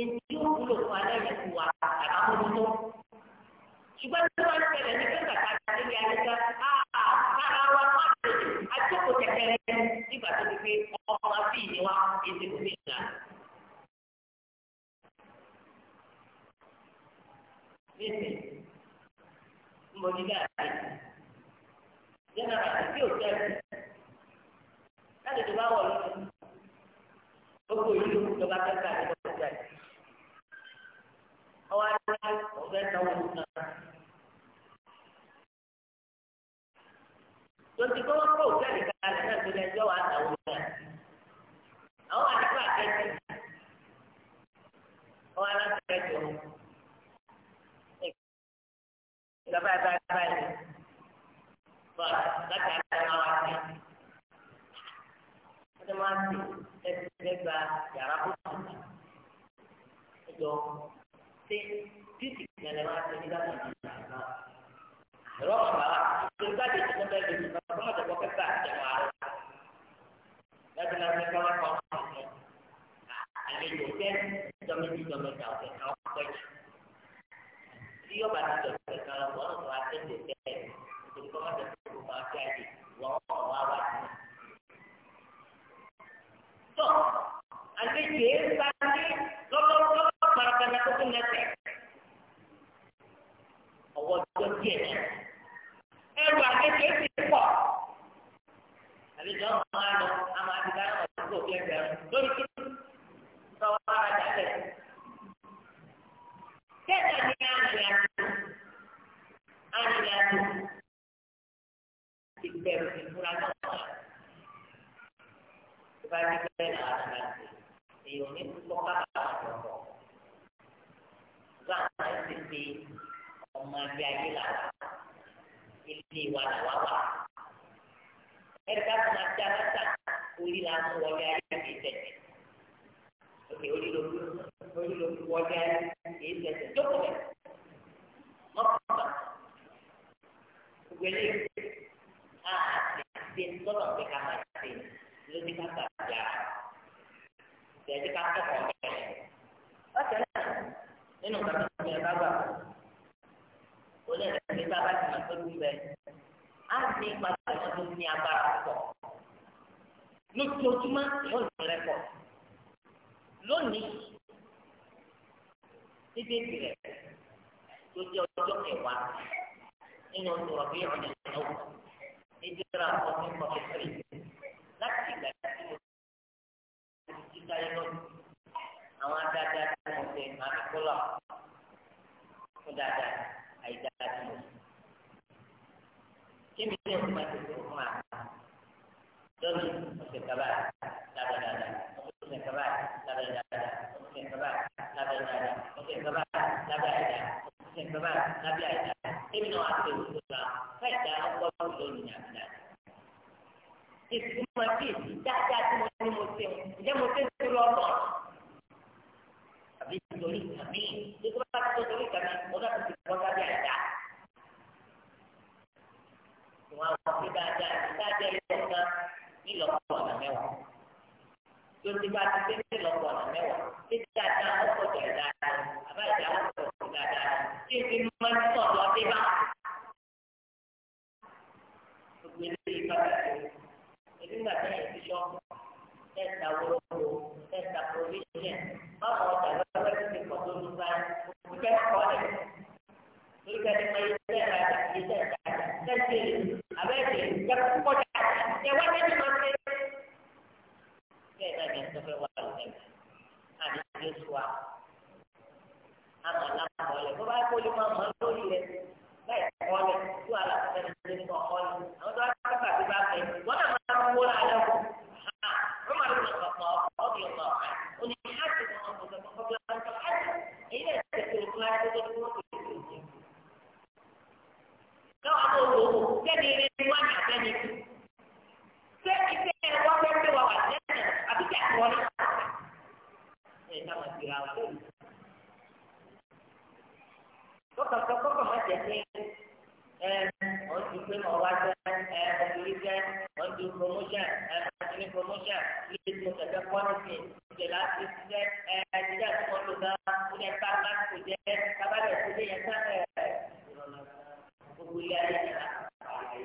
Èdè yóò wúlò fún alẹ́ rẹ̀ kù wá bàbá wọn tó. Ṣùgbọ́n tí wọ́n ṣẹlẹ̀ ní pẹ́ẹ́sà ká gbèsè ayé bí àbára wa má tètè àjókòó tẹ̀tẹ̀rẹ̀ nígbà tó ti pé ọmọ wa bí ìníwá èdè kò ní ìlànà. Thank mo ní gàdí jẹnara àti òtẹ́ẹ̀lì láti tó bá wọ̀ lọ́wọ́ gbogbo ìlú ìjọba tẹ́tà ìjọba tẹ́tà ọwọ́ adé ọ̀fẹ́ sanwó nǹkan. lọ́sí kọ́ wọ́n kọ́ òtẹ́ẹ̀lì kalẹ̀ náà tó lẹ́jọ́ wà àtàwọn ọ̀gá àwọn àdìpọ̀ àkẹ́kẹ́ ọwọ́ alákẹ́kẹ́ jọ ìjọba ẹ báyìí báyìí bọ́ọ̀lù láti àgbẹ̀ máa ni. sí ọdún máa ń tì ẹgbẹ̀gbà yàrá kó tó ń jọ ṣé títì ìyàlẹ̀ máa ṣe nígbà tó ń jẹ ìgbà ìrọ̀ ọ̀pá ìṣòro bá dé ti tó bẹ́ẹ̀ lè ṣùgbọ́n ọmọ tó kọ́ fẹ́ gbà jẹun àárọ̀ láti láti kọ́ wọn kọ́ ọ̀hún àlejò tẹ́ ìjọba ìjọba ìjọba ìjọba ìjọba tí yọba ti dọ̀tí kan lọ wọ́n lọ́wọ́ àtẹ̀jẹ̀ bẹ́ẹ̀ nítorí kọ́ máa dọ̀tí kó máa fi àyè wọ́n wọ́n wá wá sí. tó àgbèjì ẹ̀ bá dé lọ́lọ́lọ́ parapara tó kún lẹ́sẹ̀ ọwọ́ tó díẹ̀ náà ẹrù àgbèjì ẹ̀ ti pọ̀ àlejò àwọn máa lọ àwọn àti dáná ọ̀dọ́ tó fi ẹgbẹ̀rún lórí kí wọ́n wá ara jà lẹ́sẹ̀. Bẹ́ẹ̀ ni arìnrìn àjò arìnrìn àjò ti bẹ̀rù ìfura náà wà. Tó bá ti bẹ́ẹ̀ náà arìnrìn àjò èèyàn ní púpọ̀ káàkiri àwọn ọ̀rọ̀. Gbàgbà ń ti fi ọmọ ẹgbẹ́ ayé làwà. Ilé wa làwà wà. Ẹ̀ka tó máa dá bàtà orí la mú wọlé ayé àti ìtẹ̀tẹ̀. Òkè orí ló gbé wọn lórí ló fi wọlé èyí tẹsẹ̀ jókòó rẹ̀ lọ́kọ̀ọ̀kan. Ògbélé àti àti sọ́nà pé ká máa ṣe lórí ká tàbí ara. Ìjẹ́jú ká kẹ́kọ̀ọ́ bẹ̀rẹ̀. Bákan náà, nínú kàtó ti ẹ̀ bá gbà, ó lè rẹ̀ ní bábá ti máa tóbi Á ní ipa tó ń tó ní agbára pọ̀. Lójoojúmọ́ yóò ní pọ̀. Lónìí títí tirẹ̀ tó jẹ́ ọjọ́ kẹwàá nínú sọ̀rọ̀bí ọ̀nà ìnáwó ìdíra ọdún kọfẹ́tìrì láti ìgbà tí mo ti dáyé lọ́dún àwọn adáadáa tí mo fẹ́ máa fi kọ́lá fún dáadáa àìdáadáa tí mo fẹ́. kí ni ilé ìgbà tó tó fún wa lọ́dún ọ̀sẹ̀ kaba dáadáa ọ̀sẹ̀ kaba dáadáa. la la ìjọba lábẹ́ ìdájà ọ̀sẹ̀ ìjọba lábẹ́ ìdájà ọ̀sẹ̀ ìjọba lábẹ́ ìdájà èmi náà wàá tẹ̀wé tó ta fẹ́ẹ̀dá ọgbọ́n lónìí àbílà. ìsúnmọ́ sí èsì dáadáa tí mo ní mo ṣe ǹjẹ́ mo ṣe ń tó lọ́tọ̀ àbí nítorí àmì nítorí bá tó torí kàmí ọ̀dọ́ àti ìjọba lábẹ́ ìdájà. ìwọ̀n àwọn ọ̀gbẹ́ dáadáa dáadáa ilé ọ̀gá nílọ̀pọ̀ ọ̀nà mẹ́wàá. lórí bá ti tẹ́tẹ́ lọ́pọ̀ ọ̀nà mẹ́wàá títí dáadáa lọ́pọ̀ jẹ̀ dáadáa àbá ìjà lọ́pọ̀ jẹ̀ dáadáa tí èsì máa lọ dé bá. gbogbo eléyìí pàtàkì èmi gbà bẹ́ẹ̀ ti sọ ẹ̀ta wọ́pọ̀ ẹ̀ta provision báwọn ọjà lọ́wọ́ ti ti pọ̀ tó ń bá mo fẹ́ kọ́ ẹ̀ lórí kẹ́ni pé iṣẹ́ ìrajà iṣẹ́ ìrajà tẹ́tẹ́ àbẹ́ẹ̀dẹ̀ ìjẹ́kúpọ̀ dáadáa àdéhùn wa àmọ́ làwọn ọ̀lẹ́ tó bá kó lè máa mọ lórí rẹ láì kọ́ lẹ̀ tó àlà fẹ́ lè ní kọ́ ọ́ lẹ̀ àwọn tó bá kọ́ kà sí bá fẹ́ wọ́n náà máa ń wó lálẹ́ kù wọ́n máa ń lọ sọ̀kọ̀ ọ́bì ọ̀gá ọ̀hán òní láti mọ ọ̀gá ọ̀gá ọ̀gá èyí lè ṣe kí òkú láti tó tó tó tó tó lọ́wọ́ àwọn olówó sẹ́ni ilé wọn ní abẹ́ni ṣé iṣẹ́ wọn fẹ́ gbé wa wà lẹ́yìn àbíkẹ́ àkọ́lé. العظيم Kọ́kọ́ sọ kọ́kọ́ máa jẹ pé ẹ ọ̀ ń dùn pé mo wá jẹ ẹ ọ̀bìnrin jẹ ọ̀ ń dùn promotion ẹ ọ̀bìnrin promotion ilé tí mo tẹ̀lé quality ìjẹ̀lá ti jẹ ẹ jíjà tí mo lò náà ó yẹ ká má kò jẹ kábàlẹ̀ tó lè yẹ ká ẹ gbogbo ilé ayé yẹn láti pa ayé.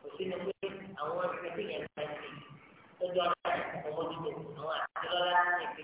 Kò sínú pé àwọn ẹgbẹ́ yẹn máa ń ṣe lọ́jọ́ ọ̀la ọmọdé tó àwọn àti lọ́la ní ìpín.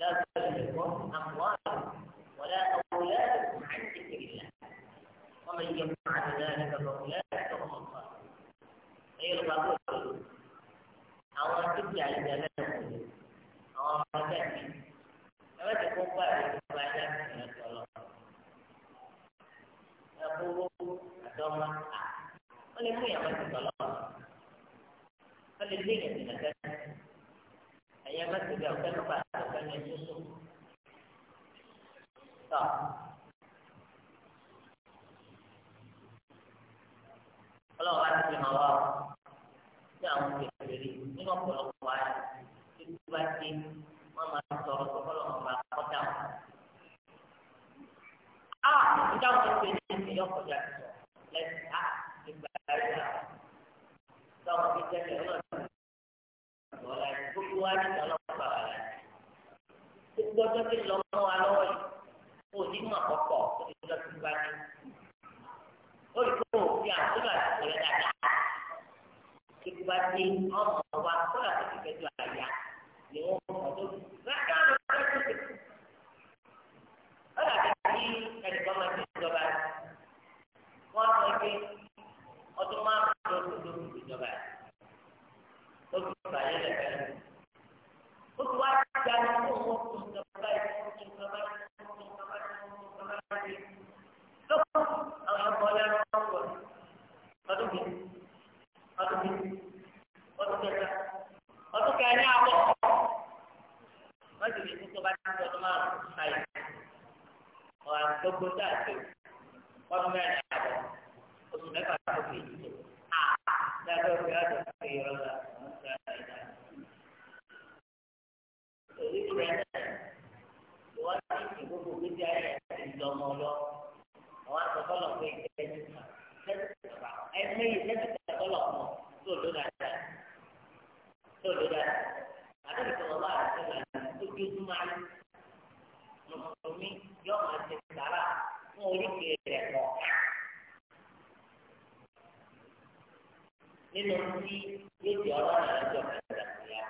لا تلهكم أموال ولا أولادكم عن ذكر الله ومن يجمع ذلك فأولئك هم الخاسرون أي الغابون أو أن تبدع الجنة أو أن مكانك فما تكون بعد بعد من الله يقول أدوما ولم يعمل الله فللدين من الجنة ẹ̀yẹ mẹ́tẹ̀ẹ̀dẹ́ ọ̀fẹ́ nípa àtẹ̀fẹ́ ní ẹjọ́ sọ. Tọ́ ọlọ́wọ́ á ti fi hàn wá o tí àwọn kèfèrè nínú ọ̀pọ̀lọpọ̀ wa tí kú bá dé wọ́n máa sọ̀rọ̀ sọ́kọ́lọ́ ọ̀gá kọ́tà wọn. Á ìjà wọn ti fi ní ìyọ́ kọjá sọ lẹ́sìn á ìgbà ìgbà ìgbà. Tọ́ ọ̀gbìn tẹ́lẹ̀ ọlọ́run wá níta lọ́pàá rẹ̀. Gbogbo ọjọ́ tí lọ mọ́ wa lọ́wọ́ yìí, kò ní mọ̀ àkọ́kọ́ ìjọ tí bá ní. Ó rí kó fi àkójọ àtìkò rẹ̀ dáadáa. Kíkú bá dé ọmọ wa kódà tó ti fẹ́jọ àyà ni wọ́n mọ̀ tó ti. Rákà ló fẹ́ tó ti kú. Ó dàbí kí ẹnìkan máa ti ìjọba rẹ̀. Wọ́n sọ pé ọdún márùn-ún ló ti lóbi ìjọba rẹ̀. Ó fi ìbàlẹ̀ lẹ̀ fẹ́ lóbi ó ti wá gba ní kó wọ́n kó nǹkan báyìí kó nǹkan báyìí kó nǹkan báyìí kó nǹkan báyìí lọ́kọ̀ àwọn ọmọ ọlẹ́rọ ọ̀pọ̀ ọdún mi ọdún mi ọdún kẹta ọdún kẹrin àbọ̀ wọ́n ti lè ní tó bá ti sọ ọdún márùn-ún ṣáyé ọ̀rọ̀ àgbógbó dáa tó ọdún mẹ́rin àbọ̀ oṣù mẹ́fà tó fi ìdílé àá dájọ́ fi àjọ fi ìrọ̀lá. wá sí ìgbógun gbèsè ayé rẹ̀ ti di ọmọ lọ àwọn àtọ̀tọ̀lọ̀ pé ìtẹ́jú tẹ́tẹ̀tẹ̀tà ẹgbẹ́ yìí tẹ́tẹ̀tẹ̀tọ̀lọ̀ mọ̀ tó ló dáadáa tó ló dáadáa àdébí tó wà àtẹ̀lẹ̀ ojoojúmọ́ ayé mùsùlùmí yọ máa ti sàrà fún oríkèé rẹ̀ kọ̀ nínú tí yóò di ọlọ́run àjọ kẹta ìyá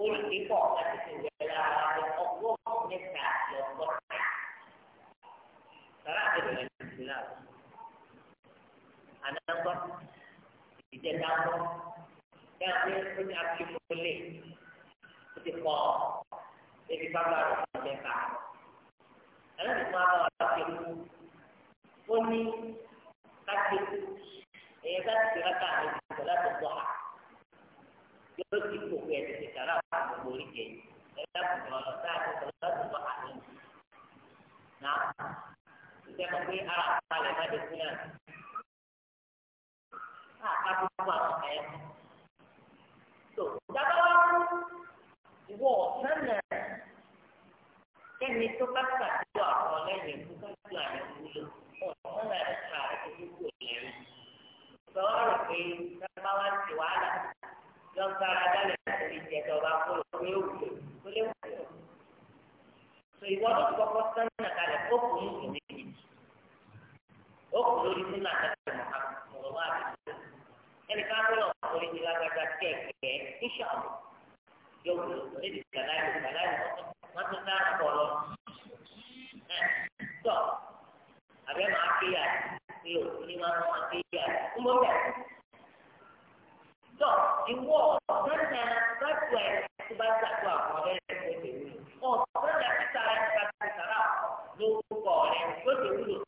oríkèé láti ti wẹ̀ lára ọgbọ́n mẹ́ta àti ọgọ́ta. Sàrà àti ìrìn àti ìlà. Ànágbá, ìjẹ̀dágbọ́, bí a ti ń ní akíkúlé, ó ti pọ̀ ebi bàbá rẹ̀ ti mẹ́ta. Ẹlẹ́ni máa bá wa kéku. Ó ní kákéku. Èyí bá ti rákà ní ìgbàlá tó gbọ́ ha. Yóò ti kó pẹ̀lú ìtàlá àwọn àgbègbè orí jẹ̀yìn. الكتاب والمساحة والثلاث المحامين نعم كما في أرى قال هذا الكلام أعقاب الله الحياة طبعا هو سنة كان يتوقع تجاه ولن يتوقع تجاه يقول أنا أشعر كيف يقول سواء في سبعة وعلى lọ́n fara dálẹ̀ láti ìjẹ̀dọ̀ ọba kúrò pé ó wù ó lè wù ó. sọ ìwọ ló ti kọ́kọ́ sánà kalẹ̀ ó kù ní ìlú méjì ó kù lórí sínú àtàkùn mọ̀ọ́ wá àbí ẹnì kan kúrò orí ti lágbájá sí ẹ̀kẹ́ níṣàlù yóò wù ó lè di kàláyé kàláyé wọ́n tún dá pọ̀ lọ. tọ́ àbẹ́ máa kéyà sí òkú ní máa tọ́ ìwọ ọ̀sánà gbàgbọ́ ẹ̀ tó bá gbàgbọ́ àwọn ọ̀rẹ́ rẹ̀ tó ti wúlò ọ̀sánà títà rẹ̀ tó bá ti sàrà lórúkọ rẹ̀ tó ti wúlò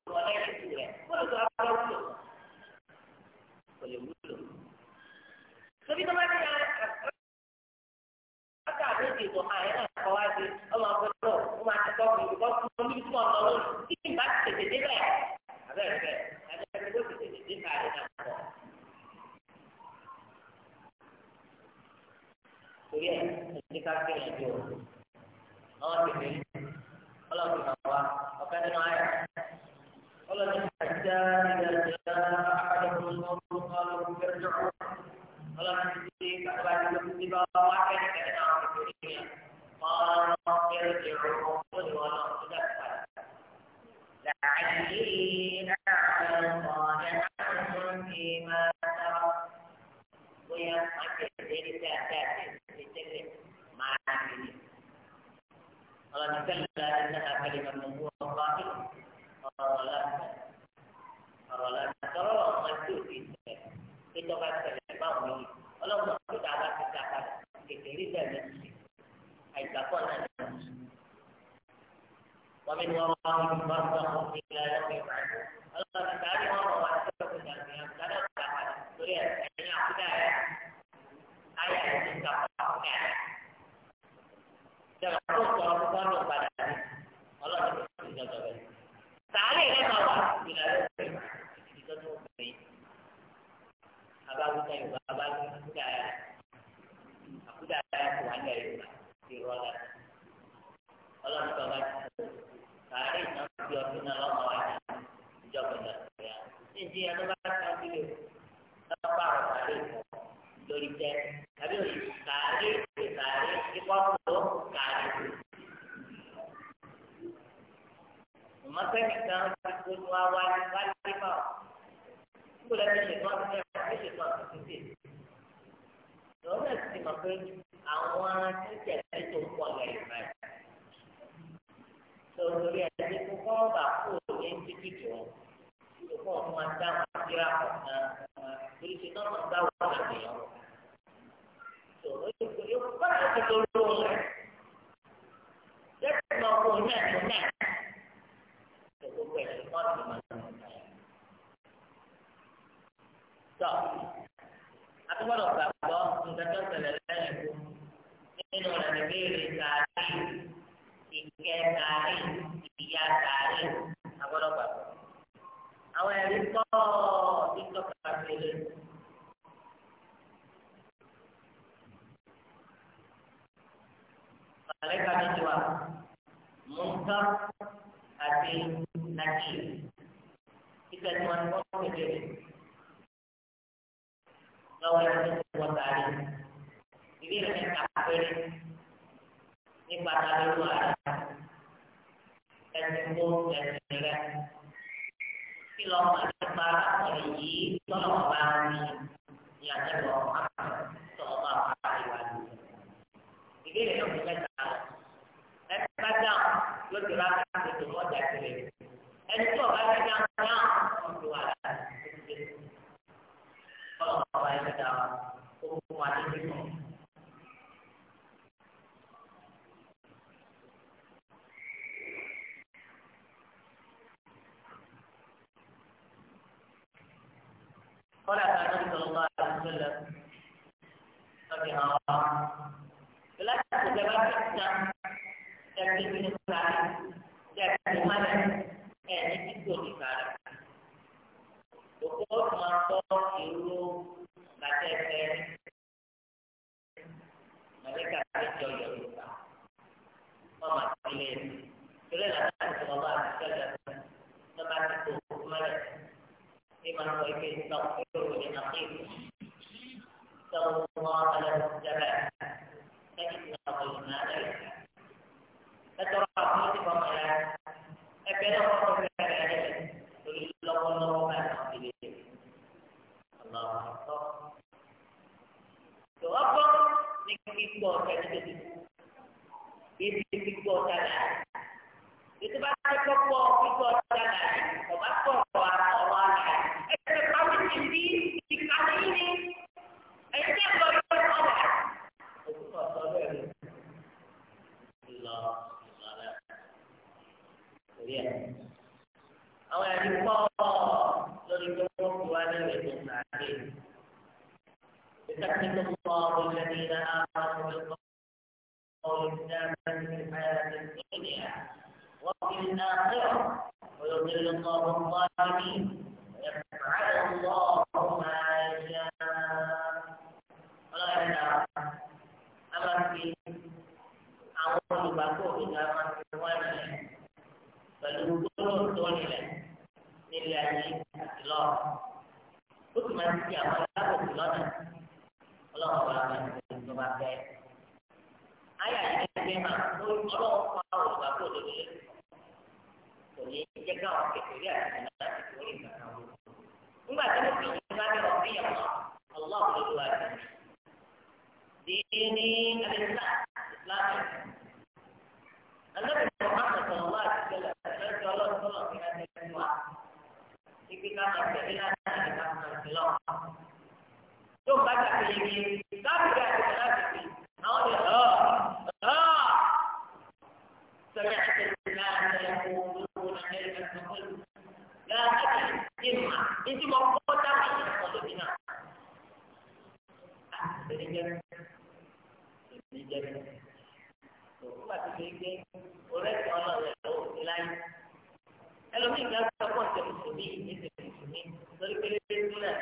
ẹlòmíì kan sọ pọ̀ ṣe mùsùlùmí ẹsẹ̀ mùsùlùmí torí pé lè sílẹ̀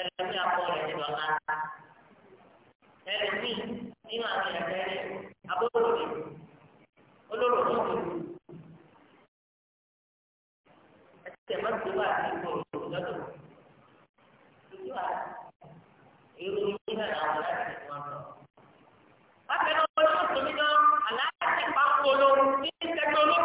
ẹlòmíì akọ rẹ̀ nínú ọ̀la ẹlòmíì nínú àmì ẹ̀fẹ́ rẹ̀ abóòlùmí olóró ló ń lò ẹsẹ̀ mọ́tò wà ní ìgbòho lọ́dọ̀ lójú wa èrò yìí náà làwọn láti wọn lọ. wọ́n fẹ́ràn olóòtú mi náà aláàtì pápó lóru ní.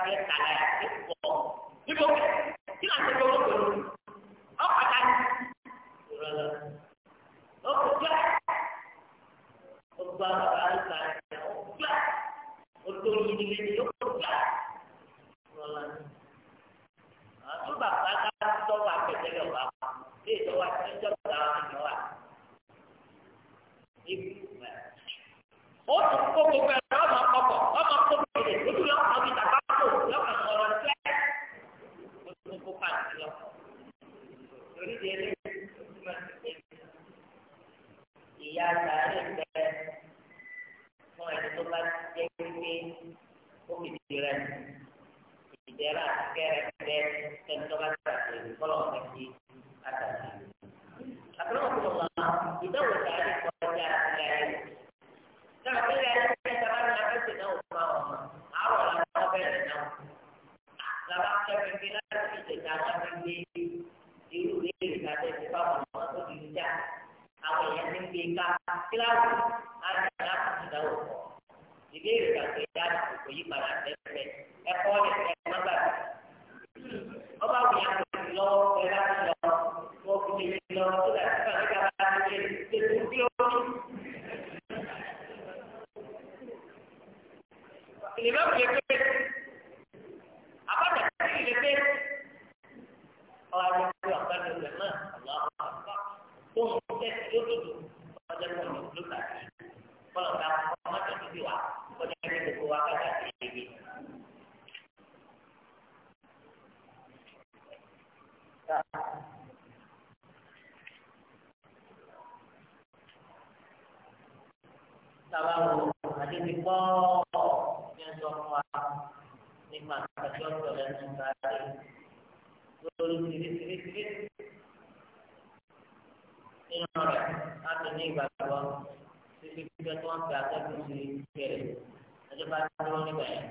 saya tanya itu itu kita sebelum itu oh akan oh kerja ubah kali saya kerja untuk ini ini kerja Coba kata coba kita coba. Ini coba kita coba coba. Ini. Oh, kok kok pemikiran bicara kerek dan coba seperti ini kalau lagi ada di atau waktu Allah kita udah ada wajar dari tapi dari sekarang kita tidak mau awal atau berenang dalam kepentingan kita jangan mimpi di rumah kita tidak mau atau diucap apa yang mimpi kita silakan ìbéèrè kan pé dáàbò kò yí padà tẹ́tẹ́ ẹ̀kọ́ rẹ̀ ẹ̀ má gbàgbé. ọba wùyà kò sí lọ́wọ́ ẹ bá ti lọ wọ́n fi lè fi lọ tó dà sí pàdé kára lè lè tún bí ó ní. ìlébà kò lè pé àbájá kò lè pé ọ̀rọ̀ àjọ kò àbájá rẹ̀ náà àlọ́ àbá tó ń tẹ̀sí lódodo ọjọ́ kan ló kà sí kọ́lọ̀ ká kọ́. Tàbá wo àdébí pọ́ ní ẹjọ́ fún wa nípa àjọ ìṣọ̀lẹ̀ nípa rẹ̀ lórí tìrìtìrìtìrì nínú rẹ̀ láti ní ìgbàgbọ́ títí pípẹ́ tó ń fi àtẹ́kùn sí ìṣẹ̀lẹ̀ ẹjọ́ bá dúró níbẹ̀ yẹn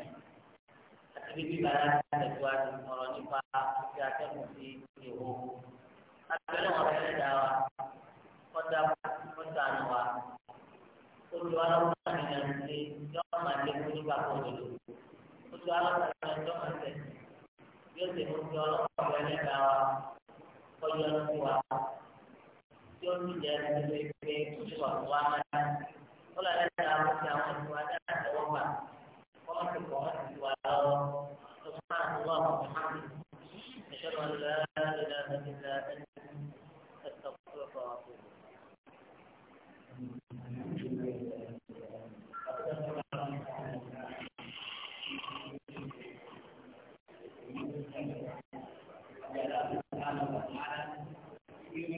níbi bí bàrà tẹ̀síwájú ọ̀rọ̀ nípa ti atẹ́kùn sí ìhó. Abẹ́lẹ́ wọn fẹ́lẹ́ dá wa, kọ́dá kọ́dá nù wa. Olùwàlọ́wọ́ nìyẹn ti yọ́n máa lékún nípa kọ́dọ̀dọ̀. Olùwàlọ́wọ́ nìyẹn tó máa tẹ̀. Yóò ṣe mú kí ọlọ́wọ́ fẹ́lẹ́ dá wa, kọ́yọ́ sí wa. Yóò ní jẹ́ ẹgbẹ́ pé ìwà wa máa ń. Ó ti àwọn ìwà náà tẹ̀wọ́ gbà. Kọ́mọ̀tì kọ́mọ̀tì سبحانك اللهم وبحمدك أشهد أن لا إله إلا أنت أستغفرك وأتوب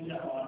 Thank you.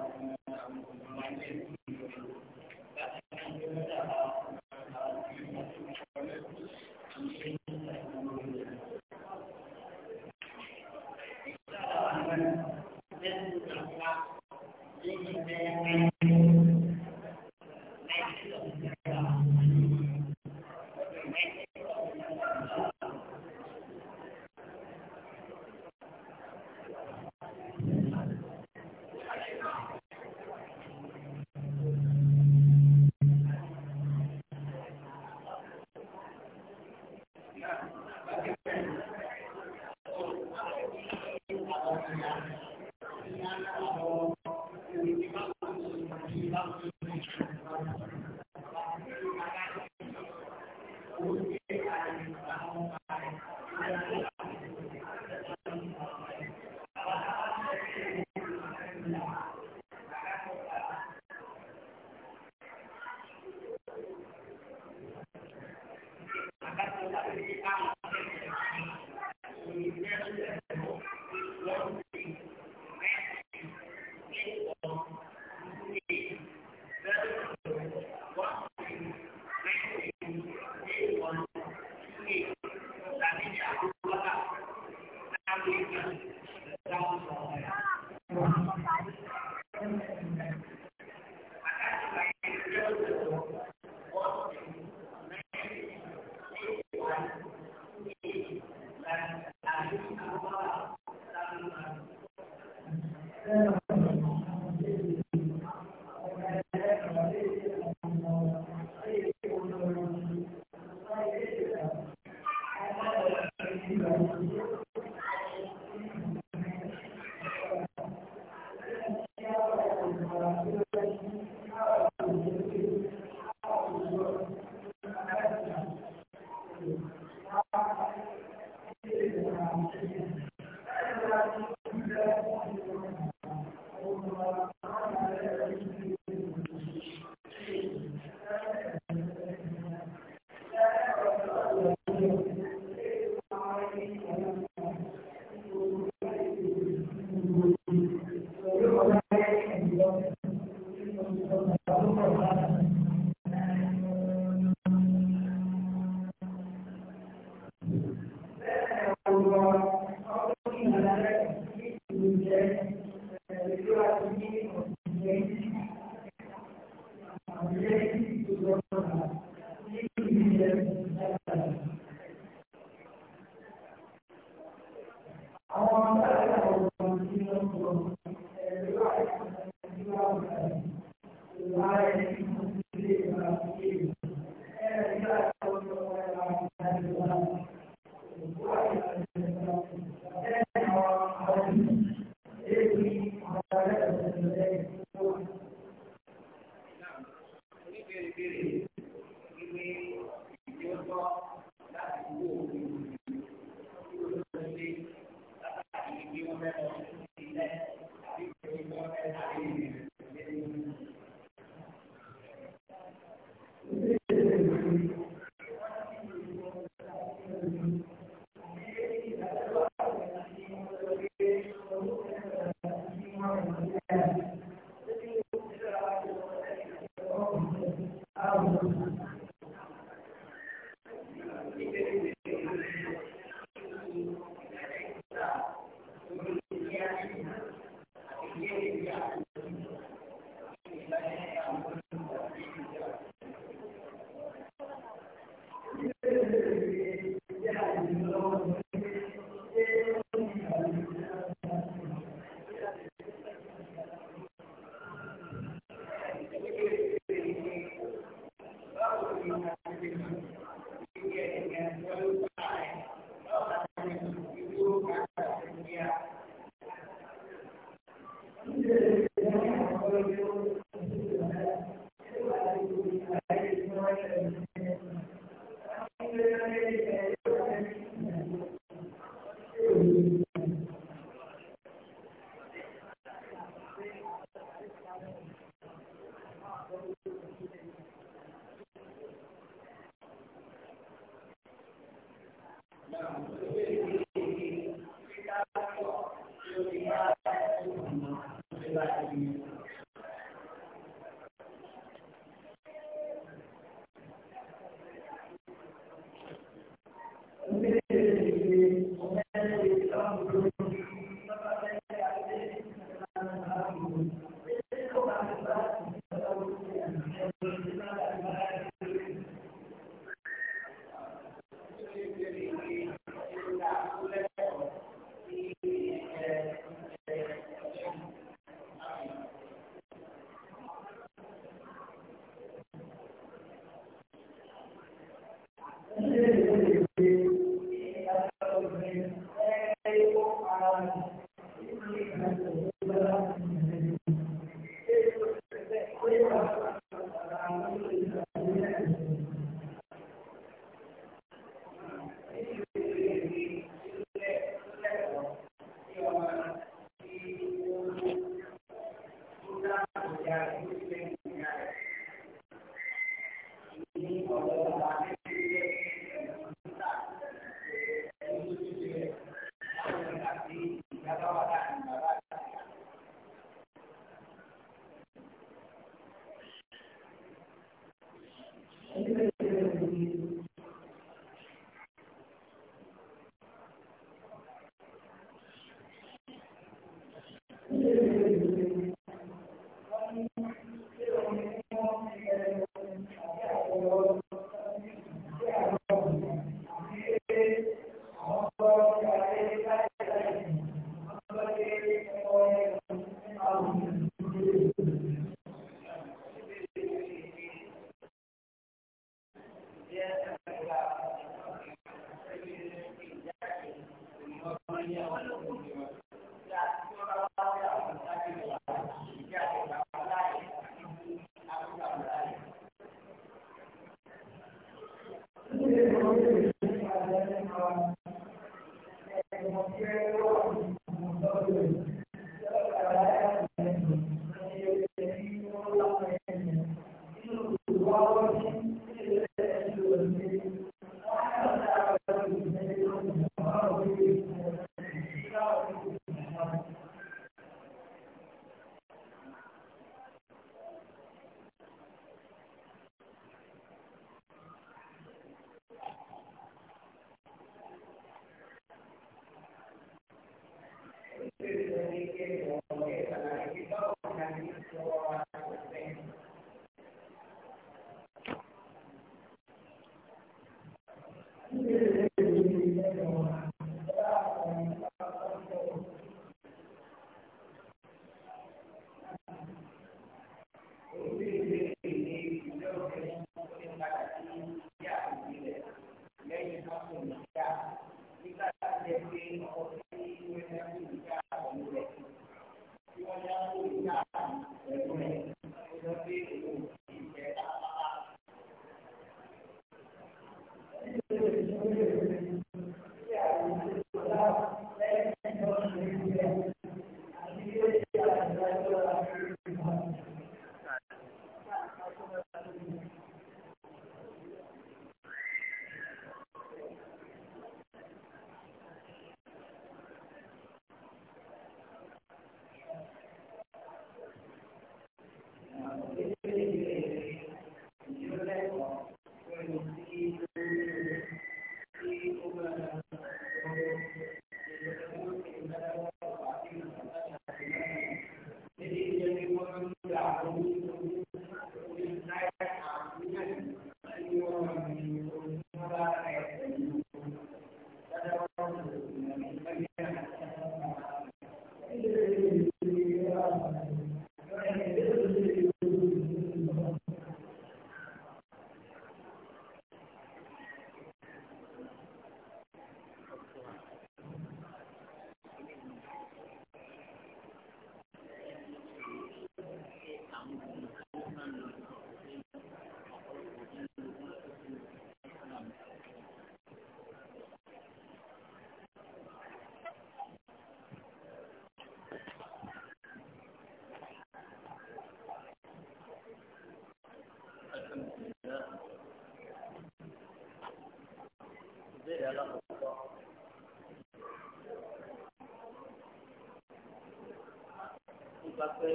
nípa pé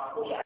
ọ̀hún.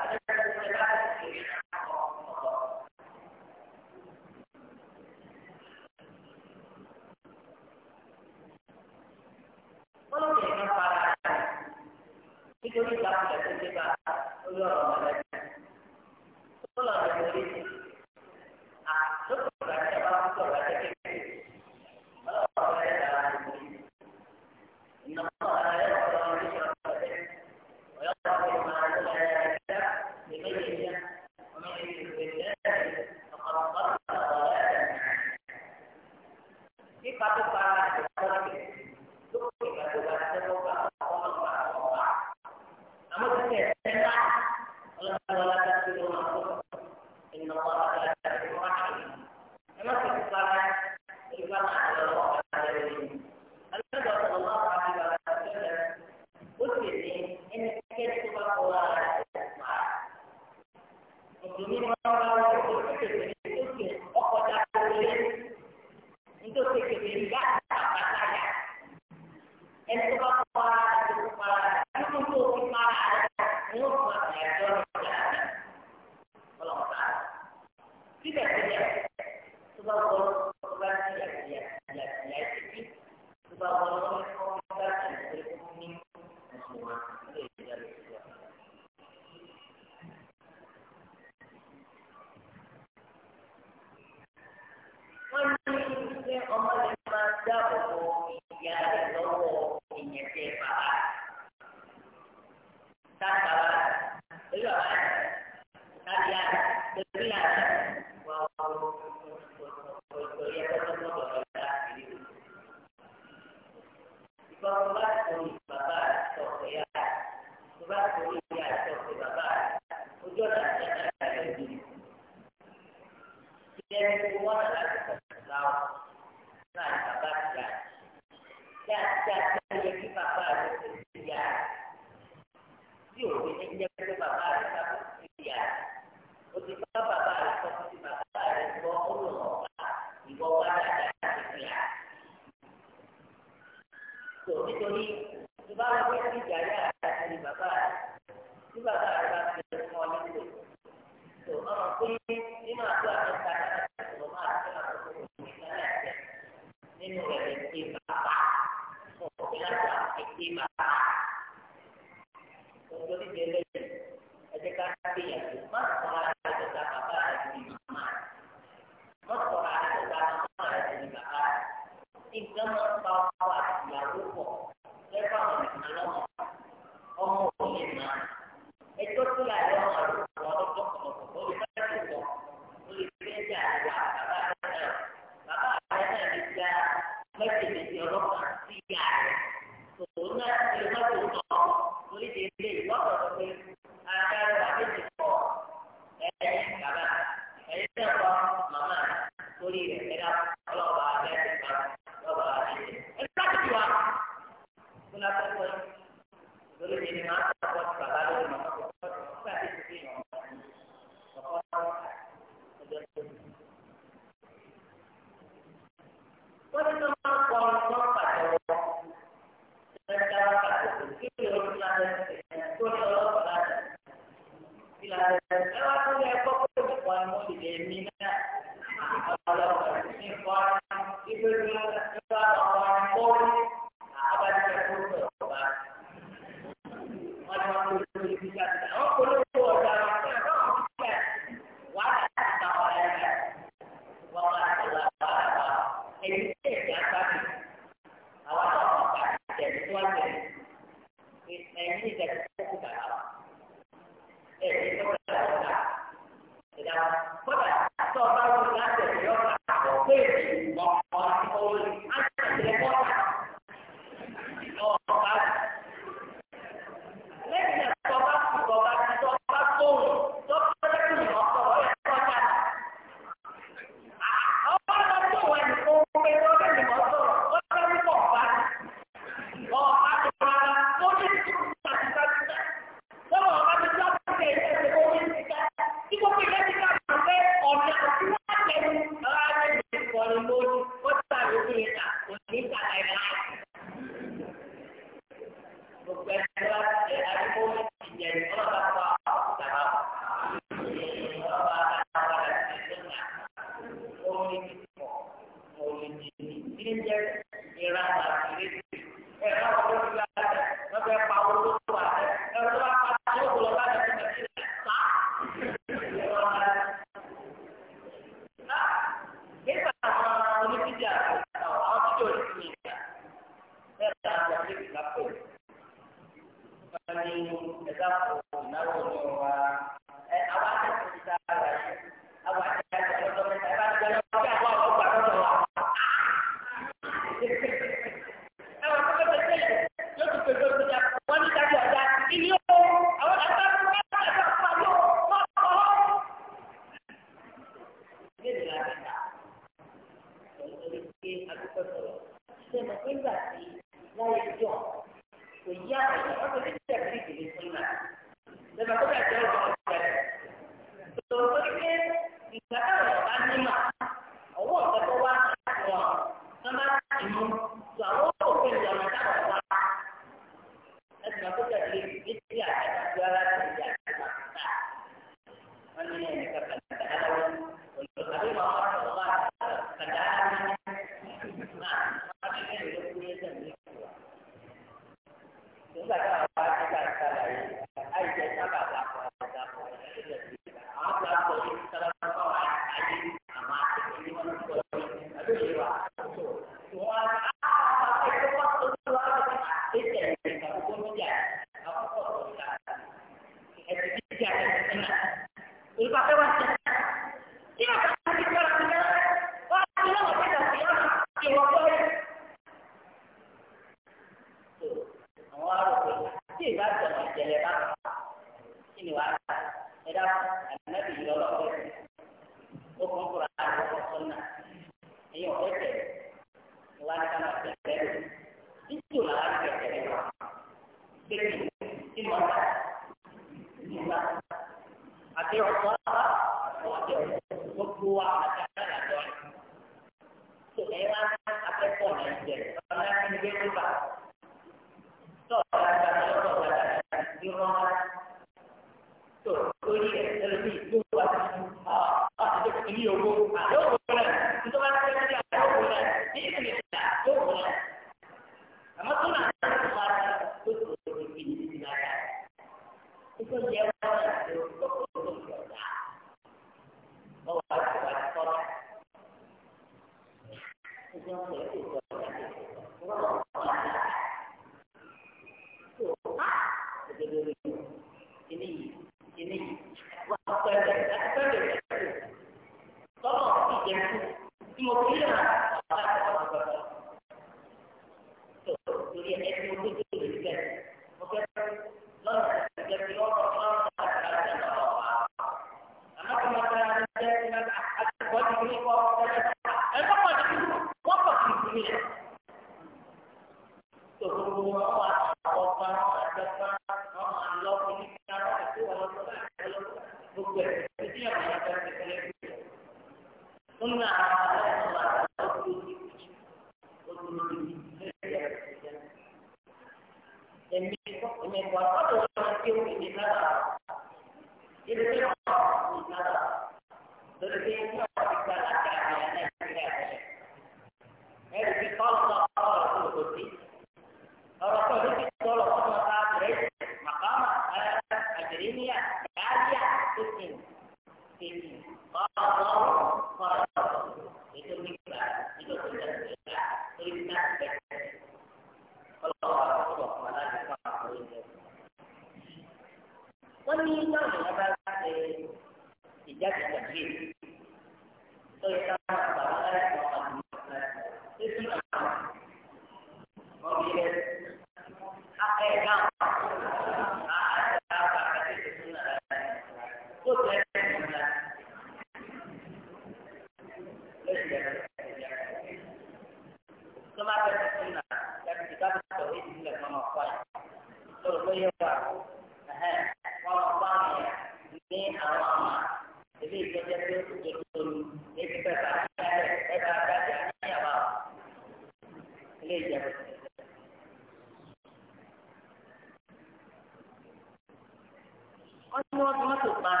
tó pa